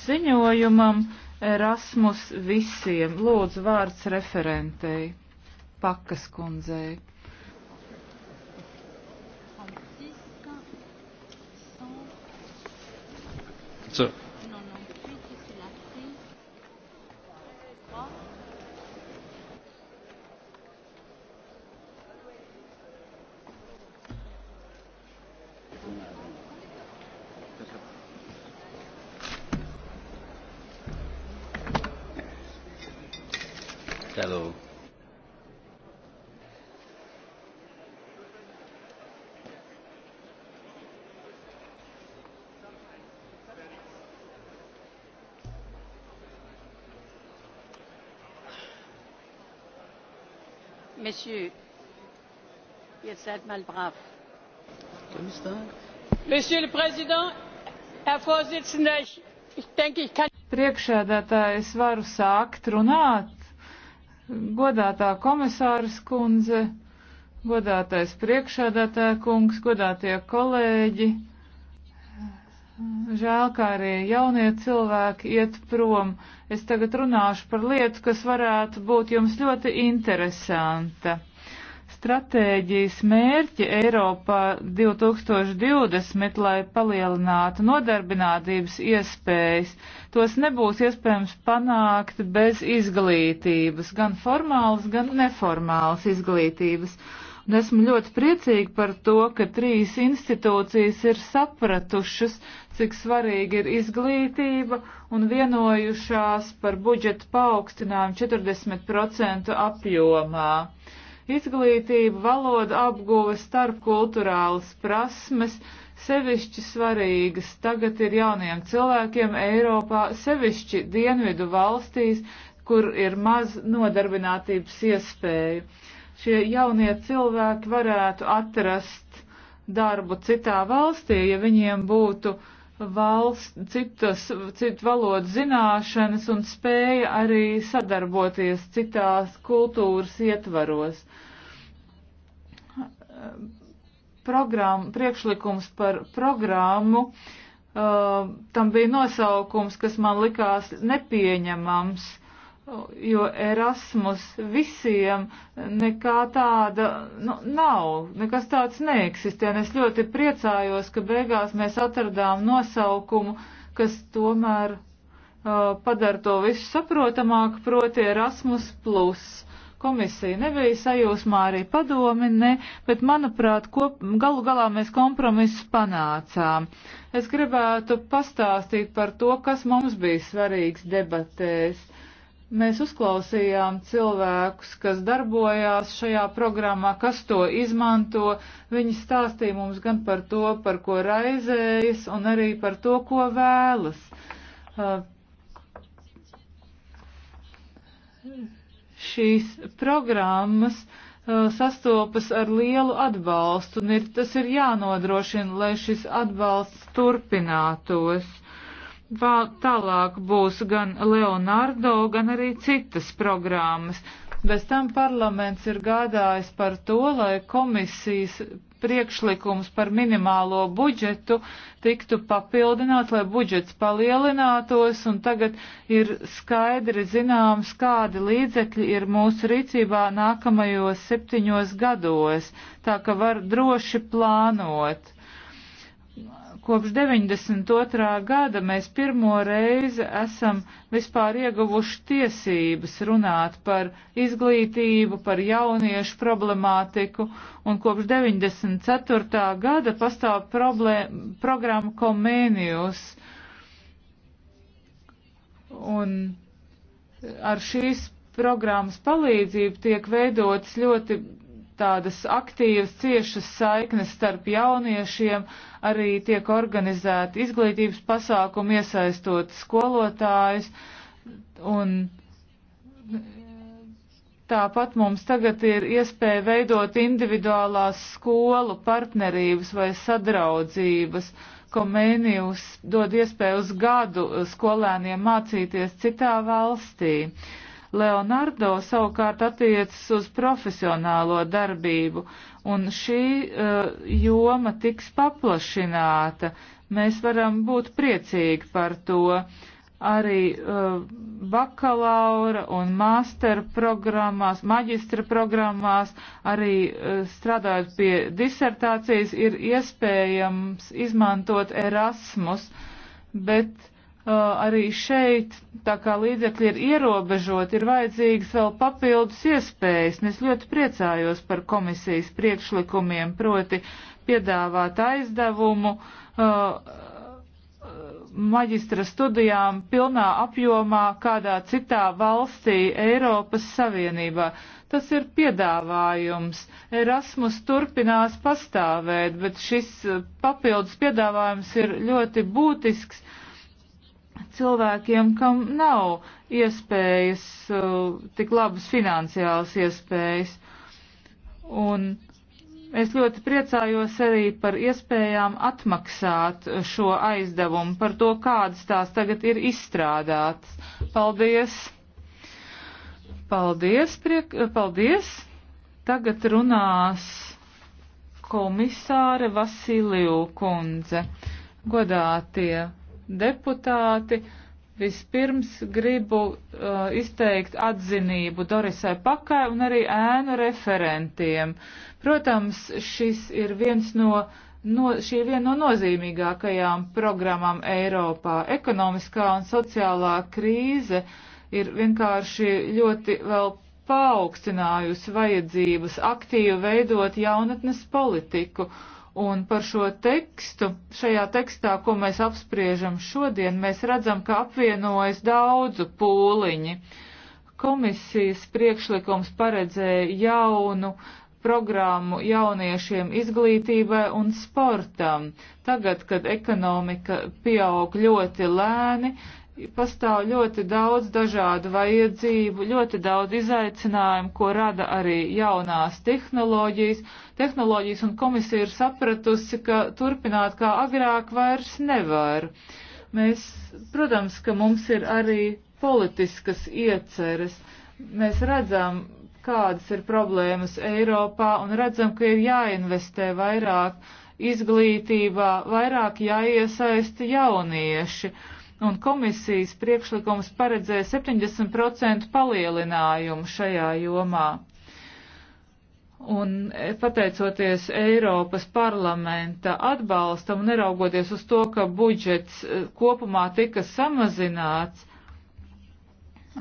ziņojumam Erasmus visiem. Lūdzu, vārds referentei, pakas kundzei. So, messieurs, jetzt seid mal brav. Monsieur le Président, Herr Vorsitzender, ich, ich denke, ich kann. Priekšēdētāji, es varu sākt runāt. Godātā komisāras kundze, godātais priekšēdētāja kungs, godātie kolēģi. Žēl, kā arī jaunie cilvēki iet prom. Es tagad runāšu par lietu, kas varētu būt jums ļoti interesanta stratēģijas mērķi Eiropā 2020, lai palielinātu nodarbinātības iespējas. Tos nebūs iespējams panākt bez izglītības, gan formālas, gan neformālas izglītības. Un esmu ļoti priecīga par to, ka trīs institūcijas ir sapratušas, cik svarīgi ir izglītība un vienojušās par budžetu paaugstinājumu 40% apjomā. Izglītība, valoda apguve, starpkulturālas prasmes sevišķi svarīgas tagad ir jauniem cilvēkiem Eiropā, sevišķi dienvidu valstīs, kur ir maz nodarbinātības iespēju. Šie jaunie cilvēki varētu atrast darbu citā valstī, ja viņiem būtu uh, valsts, citas, citu valodu zināšanas un spēja arī sadarboties citās kultūras ietvaros. Programma, priekšlikums par programmu, uh, tam bija nosaukums, kas man likās nepieņemams jo Erasmus visiem nekā tāda nu, nav, nekas tāds neeksistē. Un es ļoti priecājos, ka beigās mēs atradām nosaukumu, kas tomēr uh, padara to visu saprotamāk, proti Erasmus. Komisija nebija sajūsmā arī padomi, ne, bet manuprāt, kop, galu galā mēs kompromisu panācām. Es gribētu pastāstīt par to, kas mums bija svarīgs debatēs Mēs uzklausījām cilvēkus, kas darbojās šajā programmā, kas to izmanto. Viņi stāstīja mums gan par to, par ko raizējas, un arī par to, ko vēlas. Uh, šīs programmas uh, sastopas ar lielu atbalstu, un ir, tas ir jānodrošina, lai šis atbalsts turpinātos. Vēl tālāk būs gan Leonardo, gan arī citas programmas. Bez tam parlaments ir gādājis par to, lai komisijas priekšlikums par minimālo budžetu tiktu papildināts, lai budžets palielinātos, un tagad ir skaidri zināms, kādi līdzekļi ir mūsu rīcībā nākamajos septiņos gados, tā ka var droši plānot. Kopš 92. gada mēs pirmo reizi esam vispār ieguvuši tiesības runāt par izglītību, par jauniešu problemātiku, un kopš 94. gada pastāv problēma, programma Komēnijus. Un ar šīs programmas palīdzību tiek veidotas ļoti tādas aktīvas, ciešas saiknes starp jauniešiem, arī tiek organizēti izglītības pasākumi, iesaistot skolotājus. Un tāpat mums tagad ir iespēja veidot individuālās skolu partnerības vai sadraudzības. Komēnijus dod iespēju uz gadu skolēniem mācīties citā valstī. Uh, Leonardo savukārt attiecas uz profesionālo darbību, un šī uh, joma tiks paplašināta. Mēs varam būt priecīgi par to. Arī uh, bakalaura un māstera programmās, maģistra programmās, arī uh, strādājot pie disertācijas, ir iespējams izmantot Erasmus, bet uh, arī šeit, tā kā līdzekļi ir ierobežoti, ir vajadzīgas vēl papildus iespējas, un es ļoti priecājos par komisijas priekšlikumiem, proti piedāvāt aizdevumu maģistra studijām pilnā apjomā kādā citā valstī Eiropas Savienībā. Tas ir piedāvājums. Erasmus turpinās pastāvēt, bet šis papildus piedāvājums ir ļoti būtisks cilvēkiem, kam nav iespējas, eh, tik labas finansiālas iespējas. Un es ļoti priecājos arī par iespējām atmaksāt šo aizdevumu, par to, kādas tās tagad ir izstrādātas. Paldies! Paldies! Priek, paldies! Tagad runās komisāre Vasiliju kundze. Godātie deputāti. Vispirms gribu uh, izteikt atzinību Dorisai Pakai un arī ēnu referentiem. Protams, šis ir viens no, no, šī ir viena no nozīmīgākajām programmām Eiropā. Ekonomiskā un sociālā krīze ir vienkārši ļoti vēl paaugstinājusi vajadzības aktīvi veidot jaunatnes politiku Un par šo tekstu, šajā tekstā, ko mēs apspriežam šodien, mēs redzam, ka apvienojas daudzu pūliņi. Komisijas priekšlikums paredzēja jaunu programmu jauniešiem izglītībai un sportam. Tagad, kad ekonomika pieaug ļoti lēni, pastāv ļoti daudz dažādu vajadzību, ļoti daudz izaicinājumu, ko rada arī jaunās tehnoloģijas. Tehnoloģijas un komisija ir sapratusi, ka turpināt kā agrāk vairs nevar. Mēs, protams, ka mums ir arī politiskas ieceres. Mēs redzam, kādas ir problēmas Eiropā un redzam, ka ir jāinvestē vairāk izglītībā, vairāk jāiesaista jaunieši. Uh, un komisijas priekšlikums paredzēja 70% palielinājumu šajā jomā. Un e, pateicoties Eiropas parlamenta atbalstam, neraugoties uz to, ka budžets e, kopumā tika samazināts,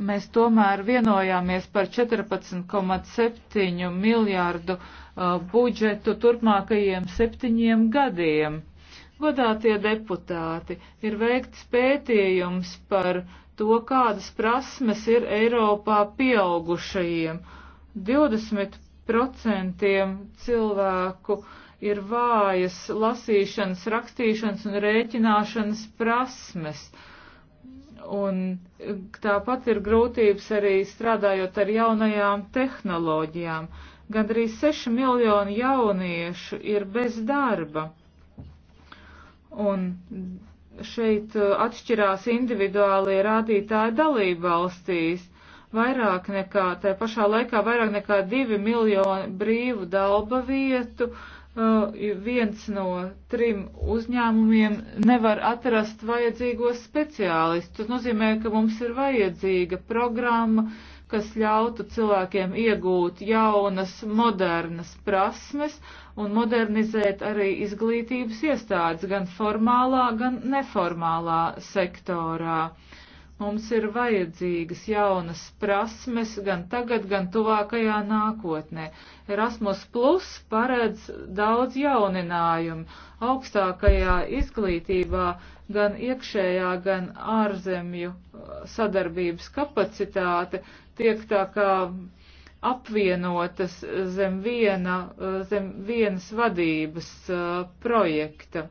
mēs tomēr vienojāmies par 14,7 miljārdu uh, budžetu turpmākajiem septiņiem gadiem. Godātie deputāti, ir veikts pētījums par to, kādas prasmes ir Eiropā pieaugušajiem. 20% cilvēku ir vājas lasīšanas, rakstīšanas un rēķināšanas prasmes. Un tāpat ir grūtības arī strādājot ar jaunajām tehnoloģijām. Gandrīz 6 miljoni jauniešu ir bez darba Un šeit uh, atšķirās individuālie rādītāji dalību valstīs. Vairāk nekā, tā pašā laikā vairāk nekā divi miljoni brīvu dalba vietu, uh, viens no trim uzņēmumiem nevar atrast vajadzīgos speciālistus. Tas nozīmē, ka mums ir vajadzīga programma, uh, kas ļautu cilvēkiem iegūt jaunas, modernas prasmes un modernizēt arī izglītības iestādes gan formālā, gan neformālā sektorā. Mums ir vajadzīgas jaunas prasmes gan tagad, gan tuvākajā nākotnē. Erasmus Plus paredz daudz jauninājumu augstākajā izglītībā, gan iekšējā, gan ārzemju uh, sadarbības kapacitāte tiek tā kā apvienotas zem, viena, zem vienas vadības projekta.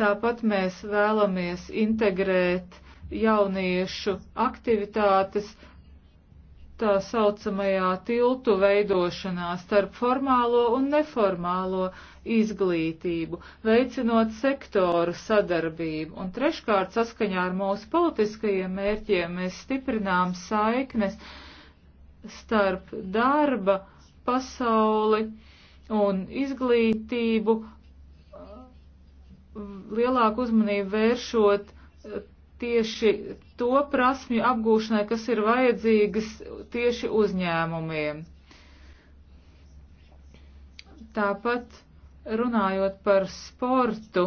Tāpat mēs vēlamies integrēt jauniešu aktivitātes tā saucamajā tiltu veidošanā starp formālo un neformālo izglītību, veicinot sektoru sadarbību. Un treškārt, saskaņā ar mūsu politiskajiem mērķiem, mēs stiprinām saiknes starp darba, pasauli un izglītību, lielāku uzmanību vēršot tieši to prasmju apgūšanai, kas ir vajadzīgas tieši uzņēmumiem. Tāpat runājot par sportu,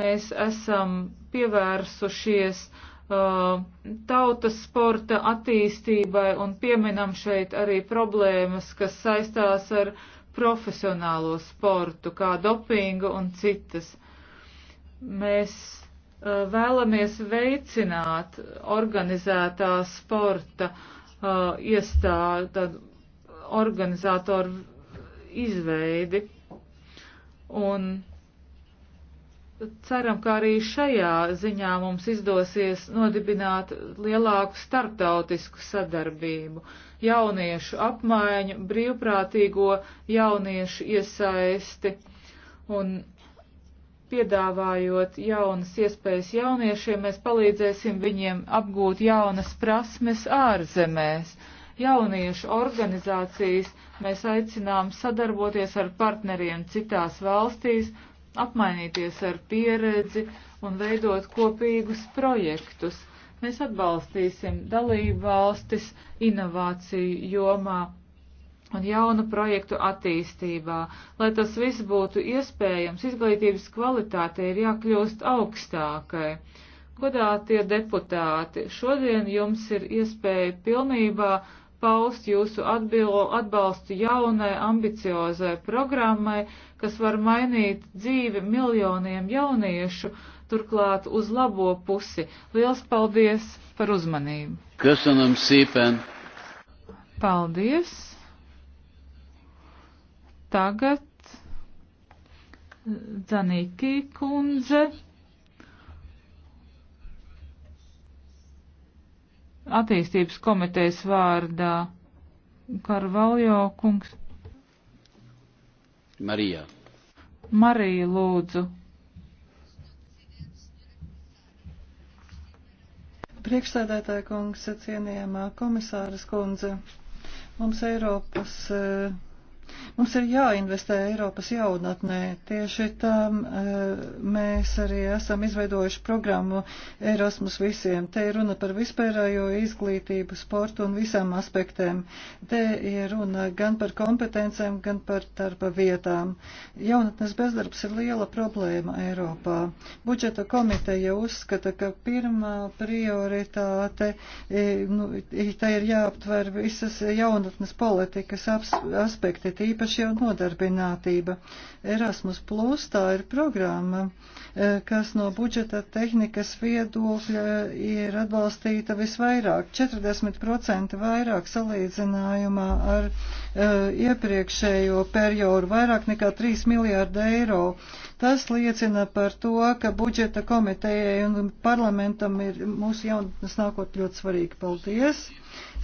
mēs esam pievērsušies uh, tautas sporta attīstībai un pieminam šeit arī problēmas, kas saistās ar profesionālo sportu, kā dopingu un citas. Mēs Uh, vēlamies veicināt organizētā sporta uh, iestāda organizātoru izveidi. Un ceram, ka arī šajā ziņā mums izdosies nodibināt lielāku starptautisku sadarbību, jauniešu apmaiņu, brīvprātīgo jauniešu iesaisti. Un piedāvājot jaunas iespējas jauniešiem, mēs palīdzēsim viņiem apgūt jaunas prasmes ārzemēs. Jauniešu organizācijas mēs aicinām sadarboties ar partneriem citās valstīs, apmainīties ar pieredzi un veidot kopīgus projektus. Mēs atbalstīsim dalību valstis inovāciju jomā un jaunu projektu attīstībā. Lai tas viss būtu iespējams, izglītības kvalitāte ir jākļūst augstākai. Godātie deputāti, šodien jums ir iespēja pilnībā paust jūsu atbilo, atbalstu jaunai ambiciozai programmai, kas var mainīt dzīvi miljoniem jauniešu, turklāt uz labo pusi. Liels paldies par uzmanību! Köszönöm szépen! Paldies! Tagad Dzanīkī kundze attīstības komitejas vārdā Karvaljo kungs. Marija. Marija lūdzu. Priekšsēdētāja kungs, cienījamā komisāras kundze, mums Eiropas uh, Mums ir jāinvestē Eiropas jaunatnē. Tieši tam eh, mēs arī esam izveidojuši programmu Erasmus visiem. Te ir runa par vispārējo izglītību, sportu un visām aspektēm. Te ir runa gan par kompetencēm, gan par darba vietām. Jaunatnes bezdarbs ir liela problēma Eiropā. Budžeta komiteja uzskata, ka pirmā prioritāte, eh, nu, tā ir jāaptver visas jaunatnes politikas aspekti it īpaši jau nodarbinātība. Erasmus Plus tā ir programma, e, kas no budžeta tehnikas viedokļa ir atbalstīta visvairāk, 40% vairāk salīdzinājumā ar uh, iepriekšējo periodu, vairāk nekā 3 miljārdu eiro. Tas liecina par to, ka budžeta komitejai un parlamentam ir mūsu jaunatnes nākotnē ļoti svarīgi. Paldies!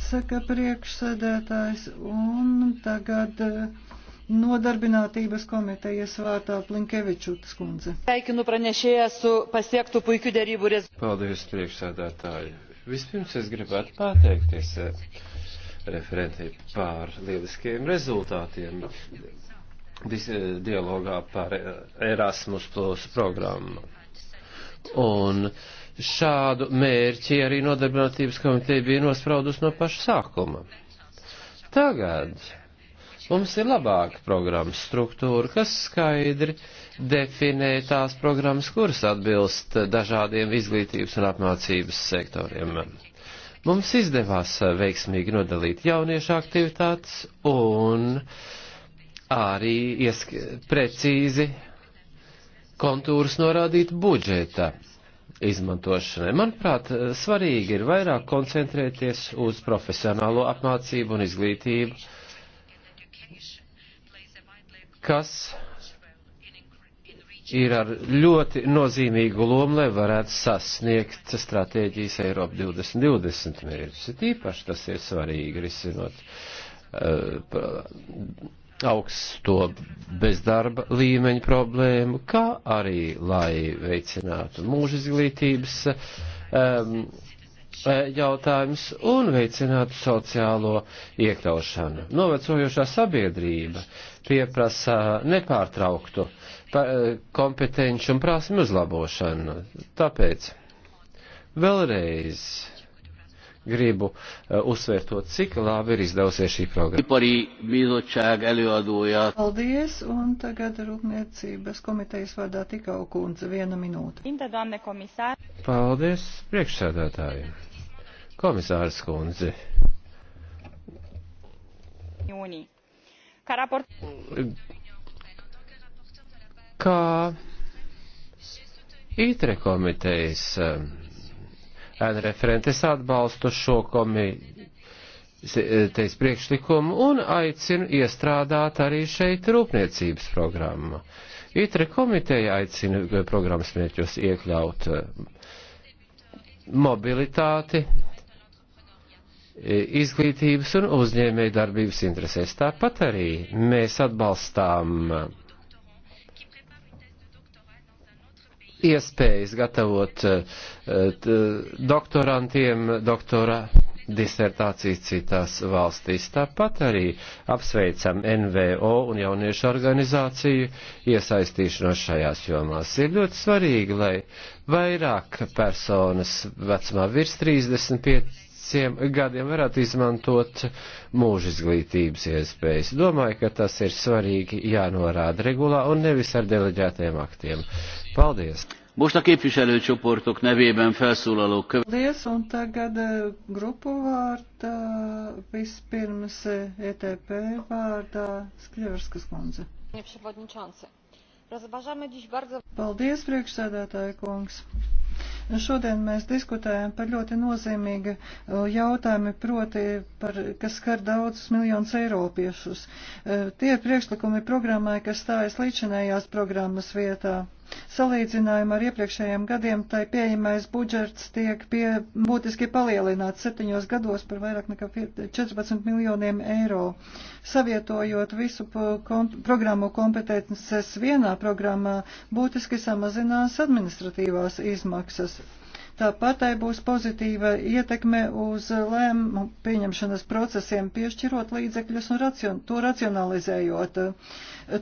saka priekšsēdētājs, un tagad eh, Nodarbinātības komitejas vārtā Plinkevičūtas kundze. Sveikinu pranešējas su pasiektu puikiu derību rezultātu. Paldies, priekšsēdētāji. Vispirms es gribētu pateikties eh, referentei pār lieliskiem rezultātiem dialogā par eh, Erasmus Plus programmu. Un uh, šādu mērķi arī nodarbinātības komiteja bija nospraudus no paša sākuma. Tagad mums ir labāka programmas struktūra, kas skaidri definē tās programmas, kuras atbilst dažādiem izglītības un apmācības sektoriem. Mums izdevās veiksmīgi nodalīt jauniešu aktivitātes un arī iesk precīzi kontūrus norādīt budžeta izmantošanai. Manuprāt, eh, svarīgi ir vairāk koncentrēties uz profesionālo apmācību un izglītību, kas ir ar ļoti nozīmīgu lomu, lai varētu sasniegt stratēģijas Eiropa 2020 mērķus. Tīpaši tas ir svarīgi risinot uh, augsto bezdarba līmeņa problēmu, kā arī, lai veicinātu mūža izglītības um, e, jautājums un veicinātu sociālo iekļaušanu. Novecojošā sabiedrība pieprasa nepārtrauktu e, kompetenci un prasmu uzlabošanu. Tāpēc vēlreiz gribu eh, uzsvērt to, cik labi ir izdevusies šī programma. Paldies, un tagad Rūpniecības komitejas vārdā tikau kundze viena minūte. Paldies, priekšsēdētāji. Komisārs kundze. Kā ITRE komitejas eh, referenti. Es atbalstu šo komitejas priekšlikumu un aicinu iestrādāt arī šeit rūpniecības programmu. ITRE komiteja aicina programmas mērķos iekļaut eh, mobilitāti, eh, izglītības un uzņēmējdarbības interesēs. Tāpat arī mēs atbalstām iespējas gatavot eh, doktorantiem doktora disertācijas citās valstīs. Tāpat arī apsveicam NVO un jauniešu organizāciju iesaistīšanos šajās jomās. Ir ļoti svarīgi, lai vairāk personas vecumā virs 35 pieciem gadiem varētu izmantot mūža izglītības iespējas. Domāju, ka tas ir svarīgi jānorāda regulā un nevis ar deleģētiem aktiem. Paldies! Most a képviselőcsoportok nevében felszólalók következik. un tagad eh, grupu vārdā, vispirms ETP eh, e vārdā, Skļevarskas kundze. Paldies, priekšsēdētāja kungs. Šodien mēs diskutējam par ļoti nozīmīgu uh, jautājumu, proti, par, kas skar daudzus miljonus eiropiešus. Uh, tie ir priekšlikumi programmai, kas stājas līdzinējās programmas vietā. Salīdzinājumā ar iepriekšējiem gadiem tai pieejamais budžets tiek pie, būtiski palielināts septiņos gados par vairāk nekā 14 miljoniem eiro. Savietojot visu kom, programmu kompetences vienā programmā, būtiski samazinās administratīvās izmaksas. Tāpat tai būs pozitīva ietekme uz lēmu pieņemšanas procesiem, piešķirot līdzekļus un racion to racionalizējot.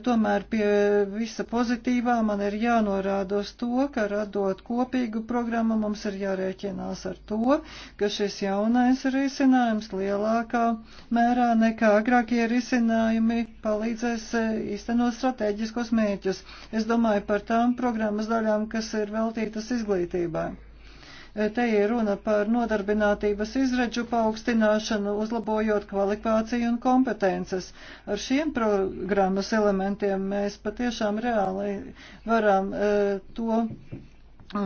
Tomēr pie visa pozitīvā man ir jānorāda uz to, ka radot kopīgu programmu mums ir jārēķinās ar to, ka šis jaunais risinājums lielākā mērā nekā agrākie risinājumi palīdzēs eh, īstenot strateģiskos mērķus. Es domāju par tām programmas daļām, kas ir veltītas izglītībai. Te ir runa par nodarbinātības izredžu paaugstināšanu, uzlabojot kvalifikāciju un kompetences. Ar šiem programmas elementiem mēs patiešām reāli varam eh, to E,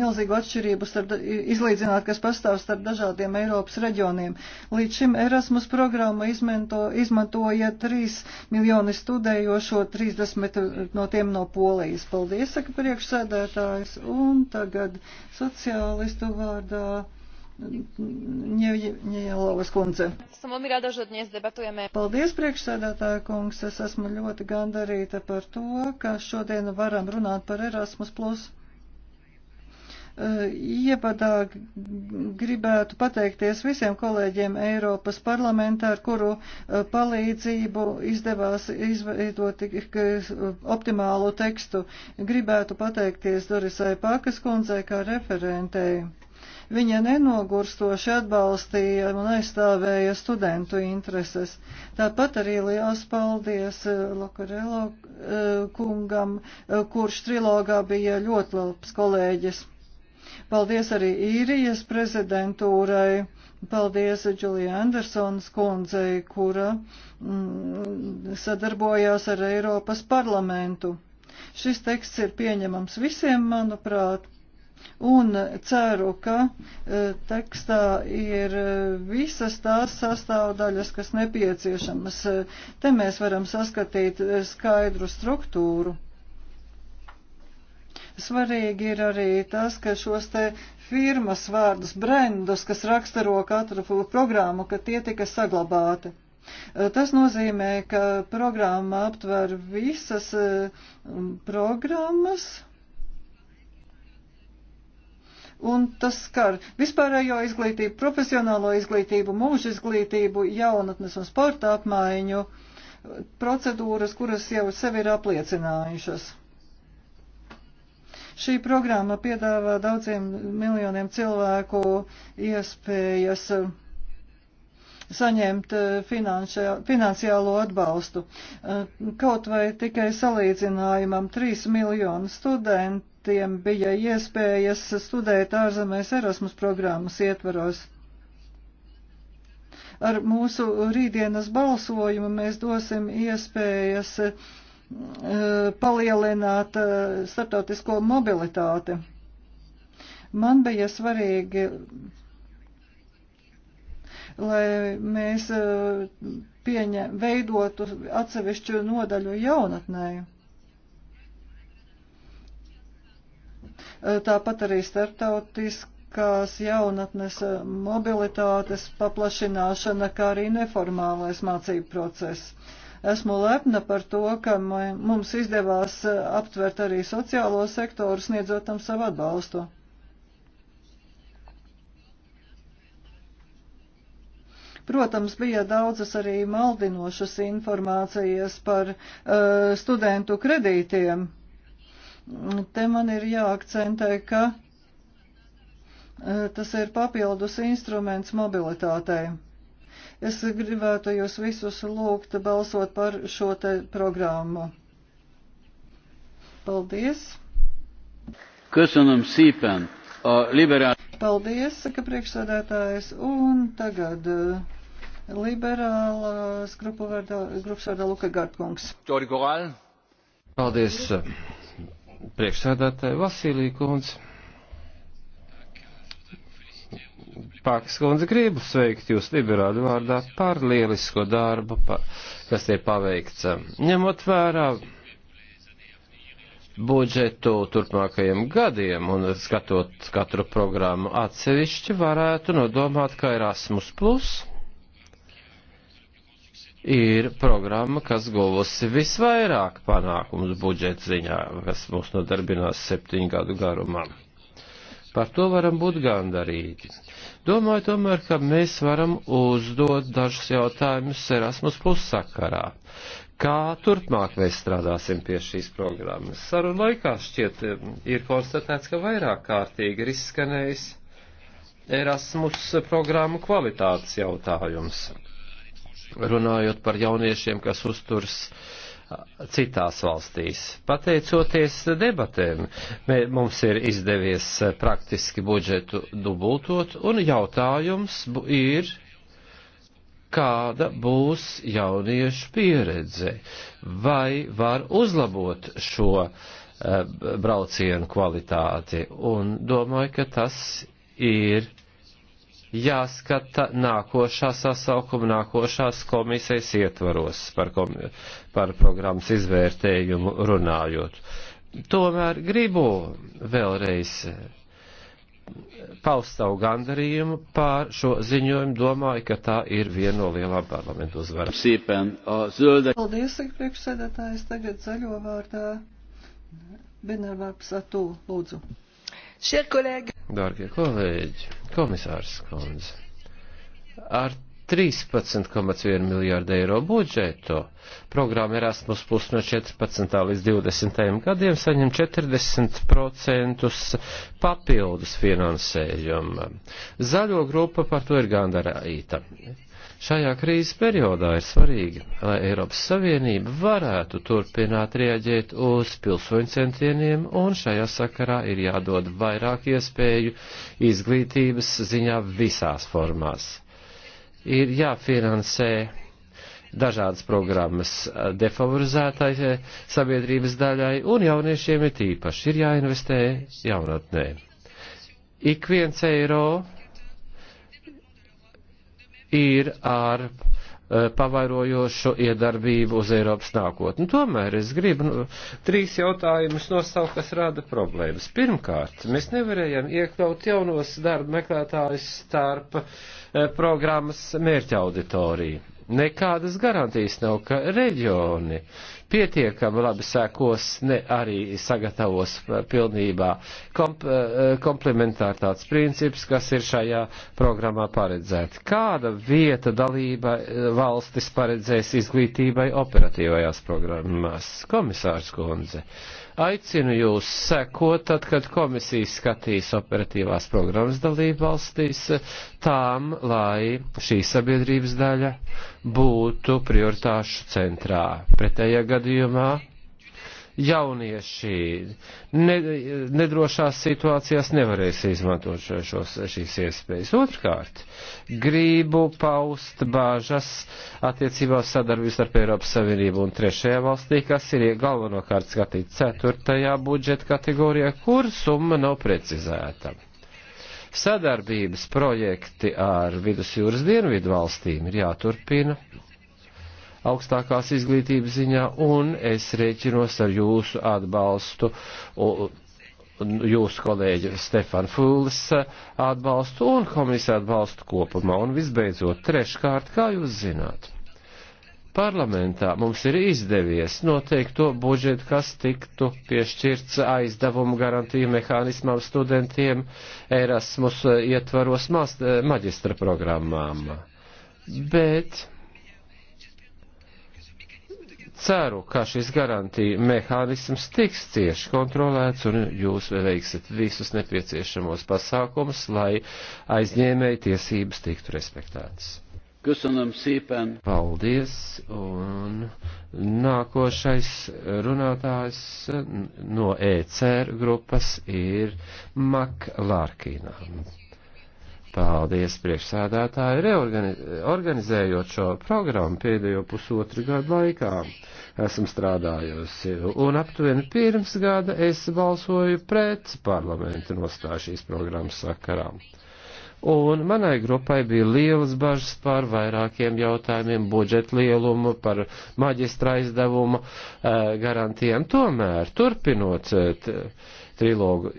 milzīgu atšķirību starp, izlīdzināt, kas pastāv starp dažādiem Eiropas reģioniem. Līdz šim Erasmus programma izmanto, izmantoja 3 miljoni studējošo, 30 e, no tiem no Polijas. Paldies, saka priekšsēdētājs. Un tagad sociālistu vārdā. Ņēlovas kundze. Paldies, priekšsēdētāja kungs. Es esmu ļoti gandarīta par to, ka šodien varam runāt par Erasmus. Eh, Iebadā gribētu pateikties visiem kolēģiem Eiropas parlamentā, ar kuru eh, palīdzību izdevās izveidot eh, optimālu tekstu. Gribētu pateikties Dorisai Pākas kundzei kā referentei. Viņa nenogurstoši atbalstīja un aizstāvēja studentu intereses. Tāpat arī liels paldies Lokarelo kungam, kurš trilogā bija ļoti labs kolēģis. Paldies arī īrijas prezidentūrai. Paldies Džulija Andersons kundzei, kura mm, sadarbojās ar Eiropas parlamentu. Šis teksts ir pieņemams visiem, manuprāt, un ceru, ka e, tekstā ir e, visas tās sastāvdaļas, kas nepieciešamas. E, te mēs varam saskatīt skaidru struktūru. Svarīgi ir arī tas, ka šos te firmas vārdus, brendus, kas raksturo katru programmu, ka tie tika saglabāti. E, tas nozīmē, ka programma aptver visas e, programmas, un tas skar vispārējo izglītību, profesionālo izglītību, mūža izglītību, jaunatnes un sporta apmaiņu, e, procedūras, kuras jau sevi ir apliecinājušas. Šī programma piedāvā daudziem miljoniem cilvēku iespējas saņemt eh, finansiālo atbalstu. Eh, kaut vai tikai salīdzinājumam 3 miljonu studentiem bija iespējas studēt ārzemēs Erasmus programmas ietvaros ar mūsu rītdienas balsojumu mēs dosim iespējas palielināt eh, startautisko mobilitāti. Man bija svarīgi, lai mēs eh, pieņa, veidotu atsevišķu nodaļu jaunatnēju. Eh, tāpat arī startautiski ekonomiskās jaunatnes mobilitātes paplašināšana, kā arī neformālais mācību process. Esmu lepna par to, ka mums izdevās eh, aptvert arī sociālo sektoru, sniedzot tam savu atbalstu. Protams, bija daudzas arī maldinošas informācijas par uh, studentu kredītiem. Te man ir jāakcentē, ka uh, tas ir papildus instruments mobilitātei. Es gribētu jūs visus lūgt balsot par šo te programmu. Paldies! Köszönöm szépen a liberál... Paldies, saka priekšsēdētājs. Un tagad eh, liberālās grupas vārdā Luka Gartkungs. Paldies, eh, priekšsēdētāji Vasilija Kunds. Pāks kundze, gribu sveikt jūs liberāļu vārdā par lielisko darbu, par, kas ir paveikts. Ņemot vērā budžetu turpmākajiem gadiem un skatot katru programmu atsevišķi, varētu nodomāt, ka Erasmus Plus ir programma, kas guvusi visvairāk panākums budžeta ziņā, kas mūs nodarbinās septiņu gadu garumā. Par to varam būt gandarīgi. Domāju tomēr, ka mēs varam uzdot dažus jautājumus Erasmus plus sakarā. Kā turpmāk mēs strādāsim pie šīs programmas? Sarunu laikā šķiet ir konstatēts, ka vairāk kārtīgi ir izskanējis Erasmus programmu kvalitātes jautājums. Runājot par jauniešiem, kas uzturs uh, citās valstīs. Pateicoties debatēm, mē, mums ir izdevies eh, praktiski budžetu dubultot, un jautājums ir, kāda būs jauniešu pieredze, vai var uzlabot šo eh, braucienu kvalitāti, un domāju, ka tas ir jāskata nākošā sasaukuma, nākošās komisijas ietvaros par, kom par programmas izvērtējumu runājot. Tomēr gribu vēlreiz paust savu gandarījumu pār šo ziņojumu, domāju, ka tā ir viena no lielām parlamentu uzvarām. Paldies, priekšsēdētājs, tagad zaļo vārdā. Benarvāps Atū, lūdzu. Šie kolēģi. Dārgie kolēģi, komisārs Kondze, ar 13,1 miljārdu eiro budžetu programma Erasmus Plus no 14. līdz 20. gadiem saņem 40% papildus finansējumu. Zaļo grupa par to ir gandarīta. Šajā krīzes periodā ir svarīgi, lai Eiropas Savienība varētu turpināt rieģēt uz pilsoņu centieniem, un šajā sakarā ir jādod vairāk iespēju izglītības ziņā visās formās. Ir jāfinansē dažādas programmas defavorizētai eh, sabiedrības daļai, un jauniešiem ir tīpaši ir jāinvestē jaunatnē. Ik viens eiro ir ar e, pavairojošu iedarbību uz Eiropas nākotni. Tomēr es gribu nu, trīs jautājumus nosaukt, kas rada problēmas. Pirmkārt, mēs nevarējam iekļaut jaunos darba meklētājus starp eh, programmas mērķa auditoriju. Nekādas garantijas nav, ka reģioni eh, pietiekami labi sekos, ne arī sagatavos pilnībā komp eh, komplementārtāts princips, kas ir šajā programmā paredzēti. Kāda vieta dalība eh, valstis paredzēs izglītībai operatīvajās programmās? Komisārs Kundze. Uh, Aicinu jūs sekot, tad, kad komisija skatīs operatīvās programmas dalību valstīs, tām, lai šī sabiedrības daļa būtu prioritāšu centrā. Pretējā gadījumā jaunieši ne, nedrošās situācijās nevarēs izmantot šos, šīs iespējas. Otrkārt, gribu paust bāžas attiecībā uz sadarbību starp Eiropas Savienību un trešajā valstī, kas ir galvenokārt skatīt ceturtajā budžeta kategorijā, kur summa nav precizēta. Sadarbības projekti ar vidusjūras dienvidu valstīm ir jāturpina augstākās izglītības ziņā, un es rēķinos ar jūsu atbalstu, jūsu kolēģi Stefan Fūles atbalstu un komisiju atbalstu kopumā. Un visbeidzot, treškārt, kā jūs zināt, parlamentā mums ir izdevies noteikt to budžetu, kas tiktu piešķirts aizdevumu garantiju mehānismam studentiem Erasmus ietvaros maģistra programmām. Bet ceru, ka šis garantija mehānisms tiks cieši kontrolēts un jūs veiksiet visus nepieciešamos pasākumus, lai aizņēmēji tiesības tiktu respektētas. Köszönöm szépen! Paldies! Un nākošais runātājs no ECR grupas ir Mak Lārkīnā. Paldies priekšsēdētāji, reorganizējot šo programmu pēdējo pusotru gadu laikā esam strādājusi, un aptuveni pirms gada es balsoju pret parlamentu nostāju šīs programmas sakarā. Un manai grupai bija lielas bažas par vairākiem jautājumiem, budžeta lielumu, par maģistra aizdevumu eh, garantijām. Tomēr, turpinot eh, trilogu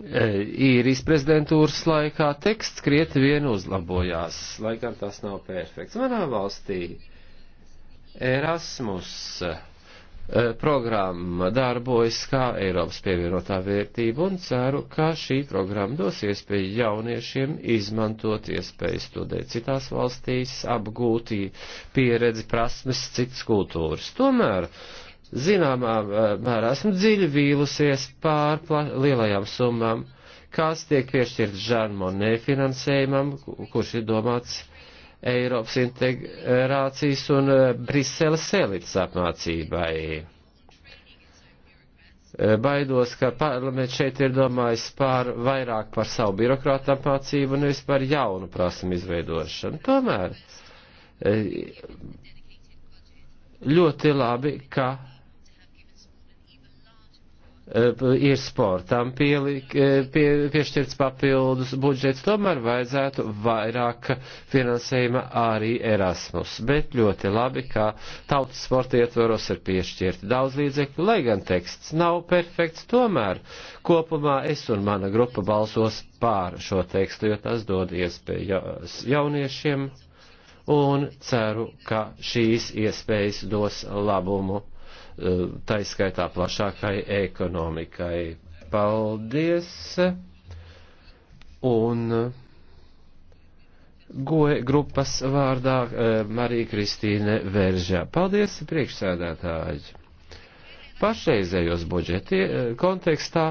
E, īrijas prezidentūras laikā teksts krieti vien uzlabojās, lai gan tas nav perfekts. Manā valstī Erasmus e, programma darbojas kā Eiropas pievienotā vērtība un ceru, ka šī programma dos iespēju jauniešiem izmantot iespēju studēt citās valstīs, apgūt pieredzi, prasmes, citas kultūras. Tomēr uh, zināmā eh, mērā esmu dziļi vīlusies pār lielajām summām, kas tiek piešķirts Žanmo nefinansējumam, kurš ir domāts Eiropas integrācijas un eh, Briseles elites apmācībai. Eh, baidos, ka parlaments šeit ir domājis pār vairāk par savu birokrātu apmācību, nevis par jaunu prasmu izveidošanu. Tomēr ļoti labi, ka Eh, ir sportam pielik, eh, pie, piešķirts papildus budžets, tomēr vajadzētu vairāk finansējuma arī Erasmus. Bet ļoti labi, ka tautas sporta ietvaros ir piešķirti daudz līdzekļu, lai gan teksts nav perfekts, tomēr kopumā es un mana grupa balsos pār šo tekstu, jo tas dod iespējas jauniešiem un ceru, ka šīs iespējas dos labumu taiskaitā plašākai ekonomikai. Paldies! Un goe grupas vārdā eh, Marija Kristīne Veržā. Paldies, priekšsēdētāji! Pašreizējos budžeti eh, kontekstā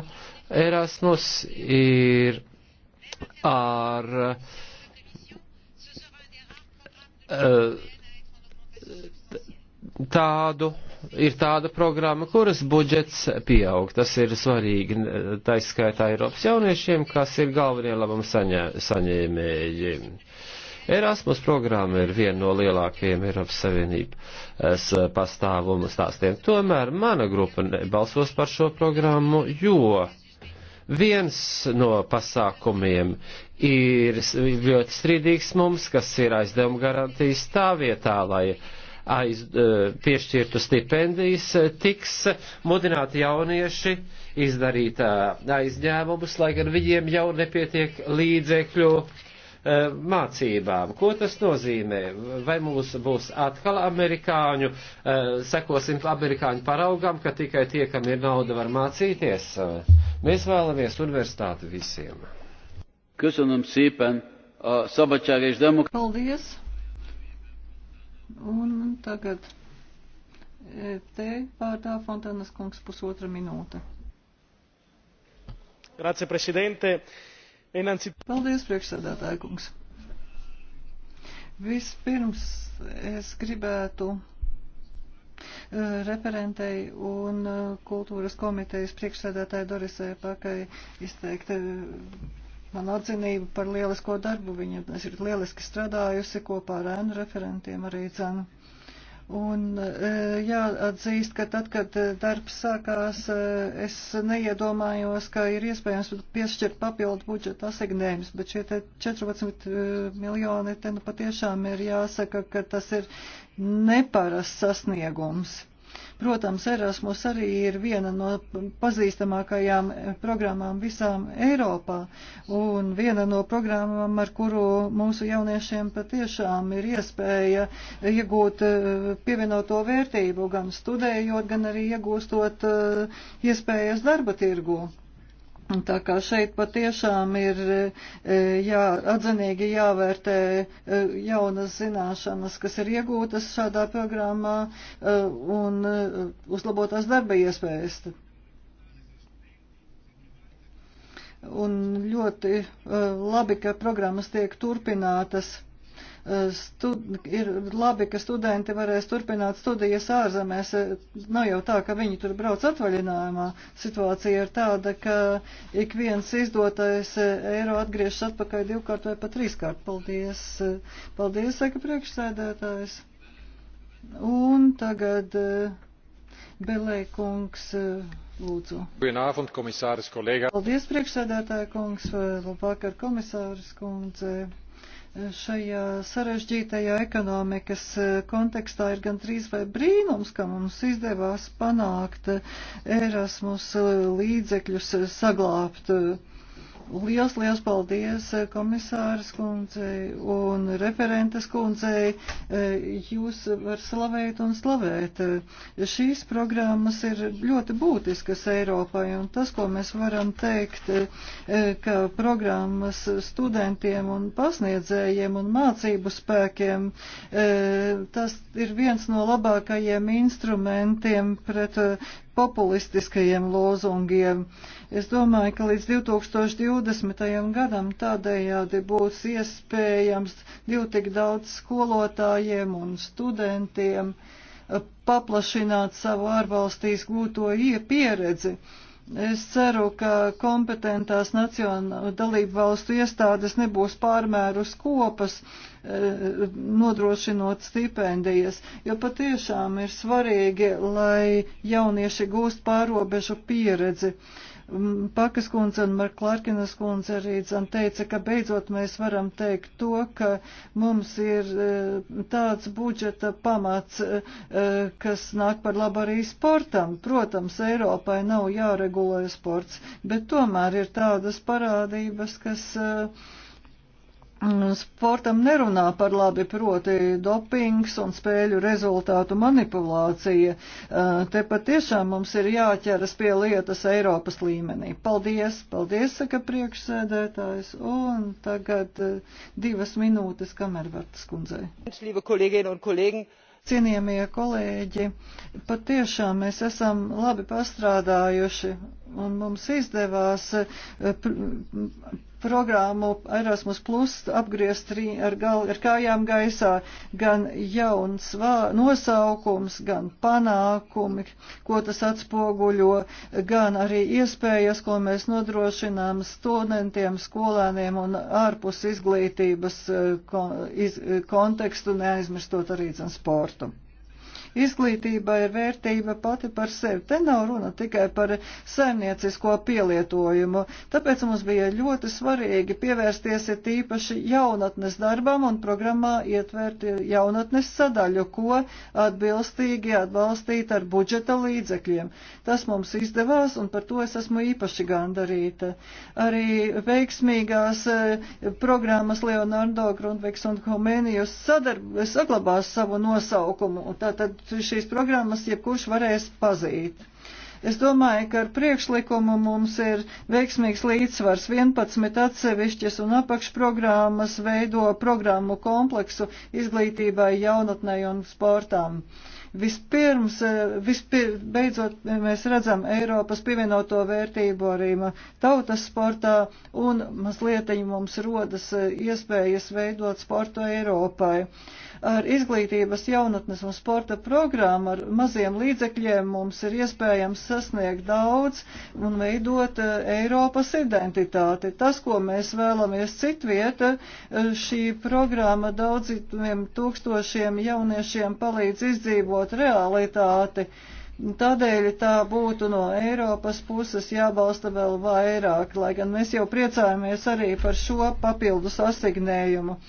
Erasmus ir ar uh, tādu ir tāda programma, kuras budžets pieaug. Tas ir svarīgi, taiskaitā Eiropas jauniešiem, kas ir galvenie labuma saņē, saņēmēji. Erasmus programma ir viena no lielākajiem Eiropas Savienības eh, pastāvumu stāstiem. Tomēr mana grupa balsos par šo programmu, jo viens no pasākumiem ir ļoti strīdīgs mums, kas ir aizdevuma garantijas tā vietā, lai uh, aiz, eh, piešķirtu stipendijas, eh, tiks mudināti jaunieši izdarīt eh, aizņēmumus, lai gan viņiem jau nepietiek līdzekļu mācībām. Ko tas nozīmē? Vai mums būs atkal amerikāņu, sekosim amerikāņu paraugam, ka tikai tie, kam ir nauda, var mācīties? Mēs vēlamies universitāti visiem. Köszönöm szépen a szabadság és demokrácia. Paldies! Un tagad e, te vārdā Fontanas kungs pusotra minūte. Grazie, prezidente. Enanci... Paldies, priekšsēdētāja kungs. Vispirms es gribētu e, referentei un e, kultūras komitejas priekšsēdētāji Dorisē Pakai izteikt man atzinību par lielisko darbu. Viņa ir lieliski strādājusi kopā ar ēnu referentiem arī cenu. Un e, jāatzīst, ka tad, kad e, darbs sākās, e, es neiedomājos, ka ir iespējams piešķirt papildu budžeta asignējumus, bet šie 14 miljoni te nu patiešām ir jāsaka, ka tas ir neparasts sasniegums. Protams, Erasmus arī ir viena no pazīstamākajām programmām visām Eiropā un viena no programmām, ar kuru mūsu jauniešiem patiešām ir iespēja iegūt eh, pievienoto vērtību, gan studējot, gan arī iegūstot eh, iespējas darba tirgu. Tā kā šeit patiešām ir e, jā, atzinīgi jāvērtē e, jaunas zināšanas, kas ir iegūtas šādā programmā e, un uzlabotās darba iespējas. Un ļoti labi, ka programmas tiek turpinātas stud, ir labi, ka studenti varēs turpināt studijas ārzemēs. Nav jau tā, ka viņi tur brauc atvaļinājumā. Situācija ir tāda, ka ik viens izdotais eiro atgriežas atpakaļ divkārt vai pat trīskārt. Paldies, paldies, saka priekšsēdētājs. Un tagad eh, Belēkungs. Eh, lūdzu. Goedenavond, komisāris, kolēģi. Paldies, priekšsēdētāja kungs, labvakar, komisāris kundze. Šajā sarežģītajā ekonomikas eh, kontekstā ir gan trīs vai brīnums, ka mums izdevās panākt eh, Erasmus eh, līdzekļus saglābt. Uh, Liels, liels paldies eh, komisāras kundzei un referentes kundzei. Eh, jūs var slavēt un slavēt. Eh, šīs programmas ir ļoti būtiskas Eiropai un tas, ko mēs varam teikt, ka programmas studentiem un pasniedzējiem un mācību spēkiem, tas ir viens no labākajiem instrumentiem pret populistiskajiem lozungiem. Es domāju, ka līdz 2020. gadam tādējādi būs iespējams divu tik daudz skolotājiem un studentiem paplašināt savu ārvalstīs gūto pieredzi Es ceru, ka kompetentās nacionāla dalību valstu iestādes nebūs pārmēru skopas, eh, nodrošinot stipendijas, jo patiešām ir svarīgi, lai jaunieši gūst pārobežu pieredzi. Pakas kundze un Marklārkinas kundze arī dzan teica, ka beidzot mēs varam teikt to, ka mums ir e, tāds budžeta pamats, e, e, kas nāk par labu arī sportam. Protams, Eiropai nav jāregulē sports, bet tomēr ir tādas parādības, kas sportam nerunā par labi, proti dopings un spēļu rezultātu manipulācija. Eh, te patiešām mums ir jāķeras pie lietas Eiropas līmenī. Paldies, paldies, saka priekšsēdētājs, un tagad eh, divas minūtes kamervartas kundzei. Cienījamie kolēģi, patiešām mēs esam labi pastrādājuši un mums izdevās eh, programmu Erasmus Plus apgriezt ar, gal, ar kājām gaisā gan jauns vā, nosaukums, gan panākumi, ko tas atspoguļo, gan arī iespējas, ko mēs nodrošinām studentiem, skolēniem un ārpus izglītības eh, iz, kontekstu, neaizmirstot arī dzen sportu. Izglītība ir vērtība pati par sevi. Te nav runa tikai par saimniecisko pielietojumu. Tāpēc mums bija ļoti svarīgi pievērsties ir tīpaši jaunatnes darbam un programmā ietvērt jaunatnes sadaļu, ko atbilstīgi atbalstīt ar budžeta līdzekļiem. Tas mums izdevās un par to es esmu īpaši gandarīta. Arī veiksmīgās eh, programmas Leonardo Grundveks un Homenijus saglabās savu nosaukumu. Tātad šīs programmas jebkurš varēs pazīt. Es domāju, ka ar priekšlikumu mums ir veiksmīgs līdzsvars. 11 atsevišķas un apakšprogrammas veido programmu kompleksu izglītībai, jaunatnei un sportām. Vispirms, eh, vispir, beidzot, mēs redzam Eiropas pievienoto vērtību arī tautas sportā un mazliet mums rodas eh, iespējas veidot sportu Eiropai Ar izglītības jaunatnes un sporta programmu ar maziem līdzekļiem mums ir iespējams sasniegt daudz un veidot eh, Eiropas identitāti. Tas, ko mēs vēlamies citvieta, eh, šī programma daudziem tūkstošiem jauniešiem palīdz izdzīvot realitāti. Tādēļ tā būtu no Eiropas puses jābalsta vēl vairāk, lai gan mēs jau priecājamies arī par šo papildus asignējumu.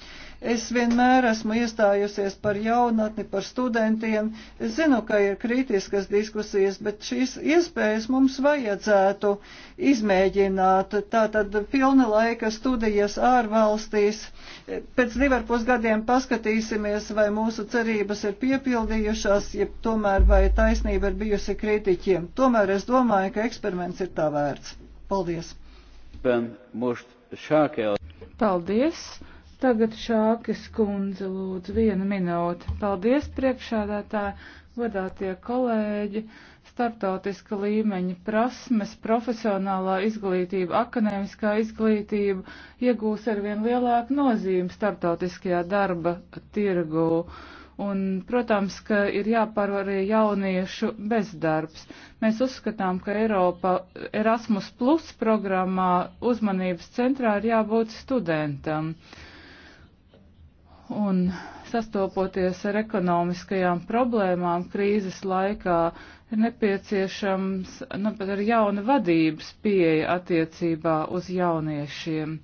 Es vienmēr esmu iestājusies par jaunatni, par studentiem. Es zinu, ka ir kritiskas diskusijas, bet šīs iespējas mums vajadzētu izmēģināt. Tātad pilna laika studijas ārvalstīs. Pēc divar pusgadiem paskatīsimies, vai mūsu cerības ir piepildījušās, ja tomēr vai taisnība ir bijusi kritiķiem. Tomēr es domāju, ka eksperiments ir tā vērts. Paldies! Ben, most, Paldies! Tagad Šākas kundze lūdzu vienu minūti. Paldies priekšādātāji, godātie kolēģi, starptautiska līmeņa prasmes, profesionālā izglītība, akadēmiskā izglītība iegūs arvien lielāku nozīmi starptautiskajā darba tirgū. Un, protams, ka ir jāpārvar arī jauniešu bezdarbs. Mēs uzskatām, ka Eiropa Erasmus Plus programmā uzmanības centrā ir jābūt studentam. Uh, un sastopoties ar ekonomiskajām problēmām krīzes laikā, ir nepieciešams nu, ar jauna vadības pieeja attiecībā uz jauniešiem.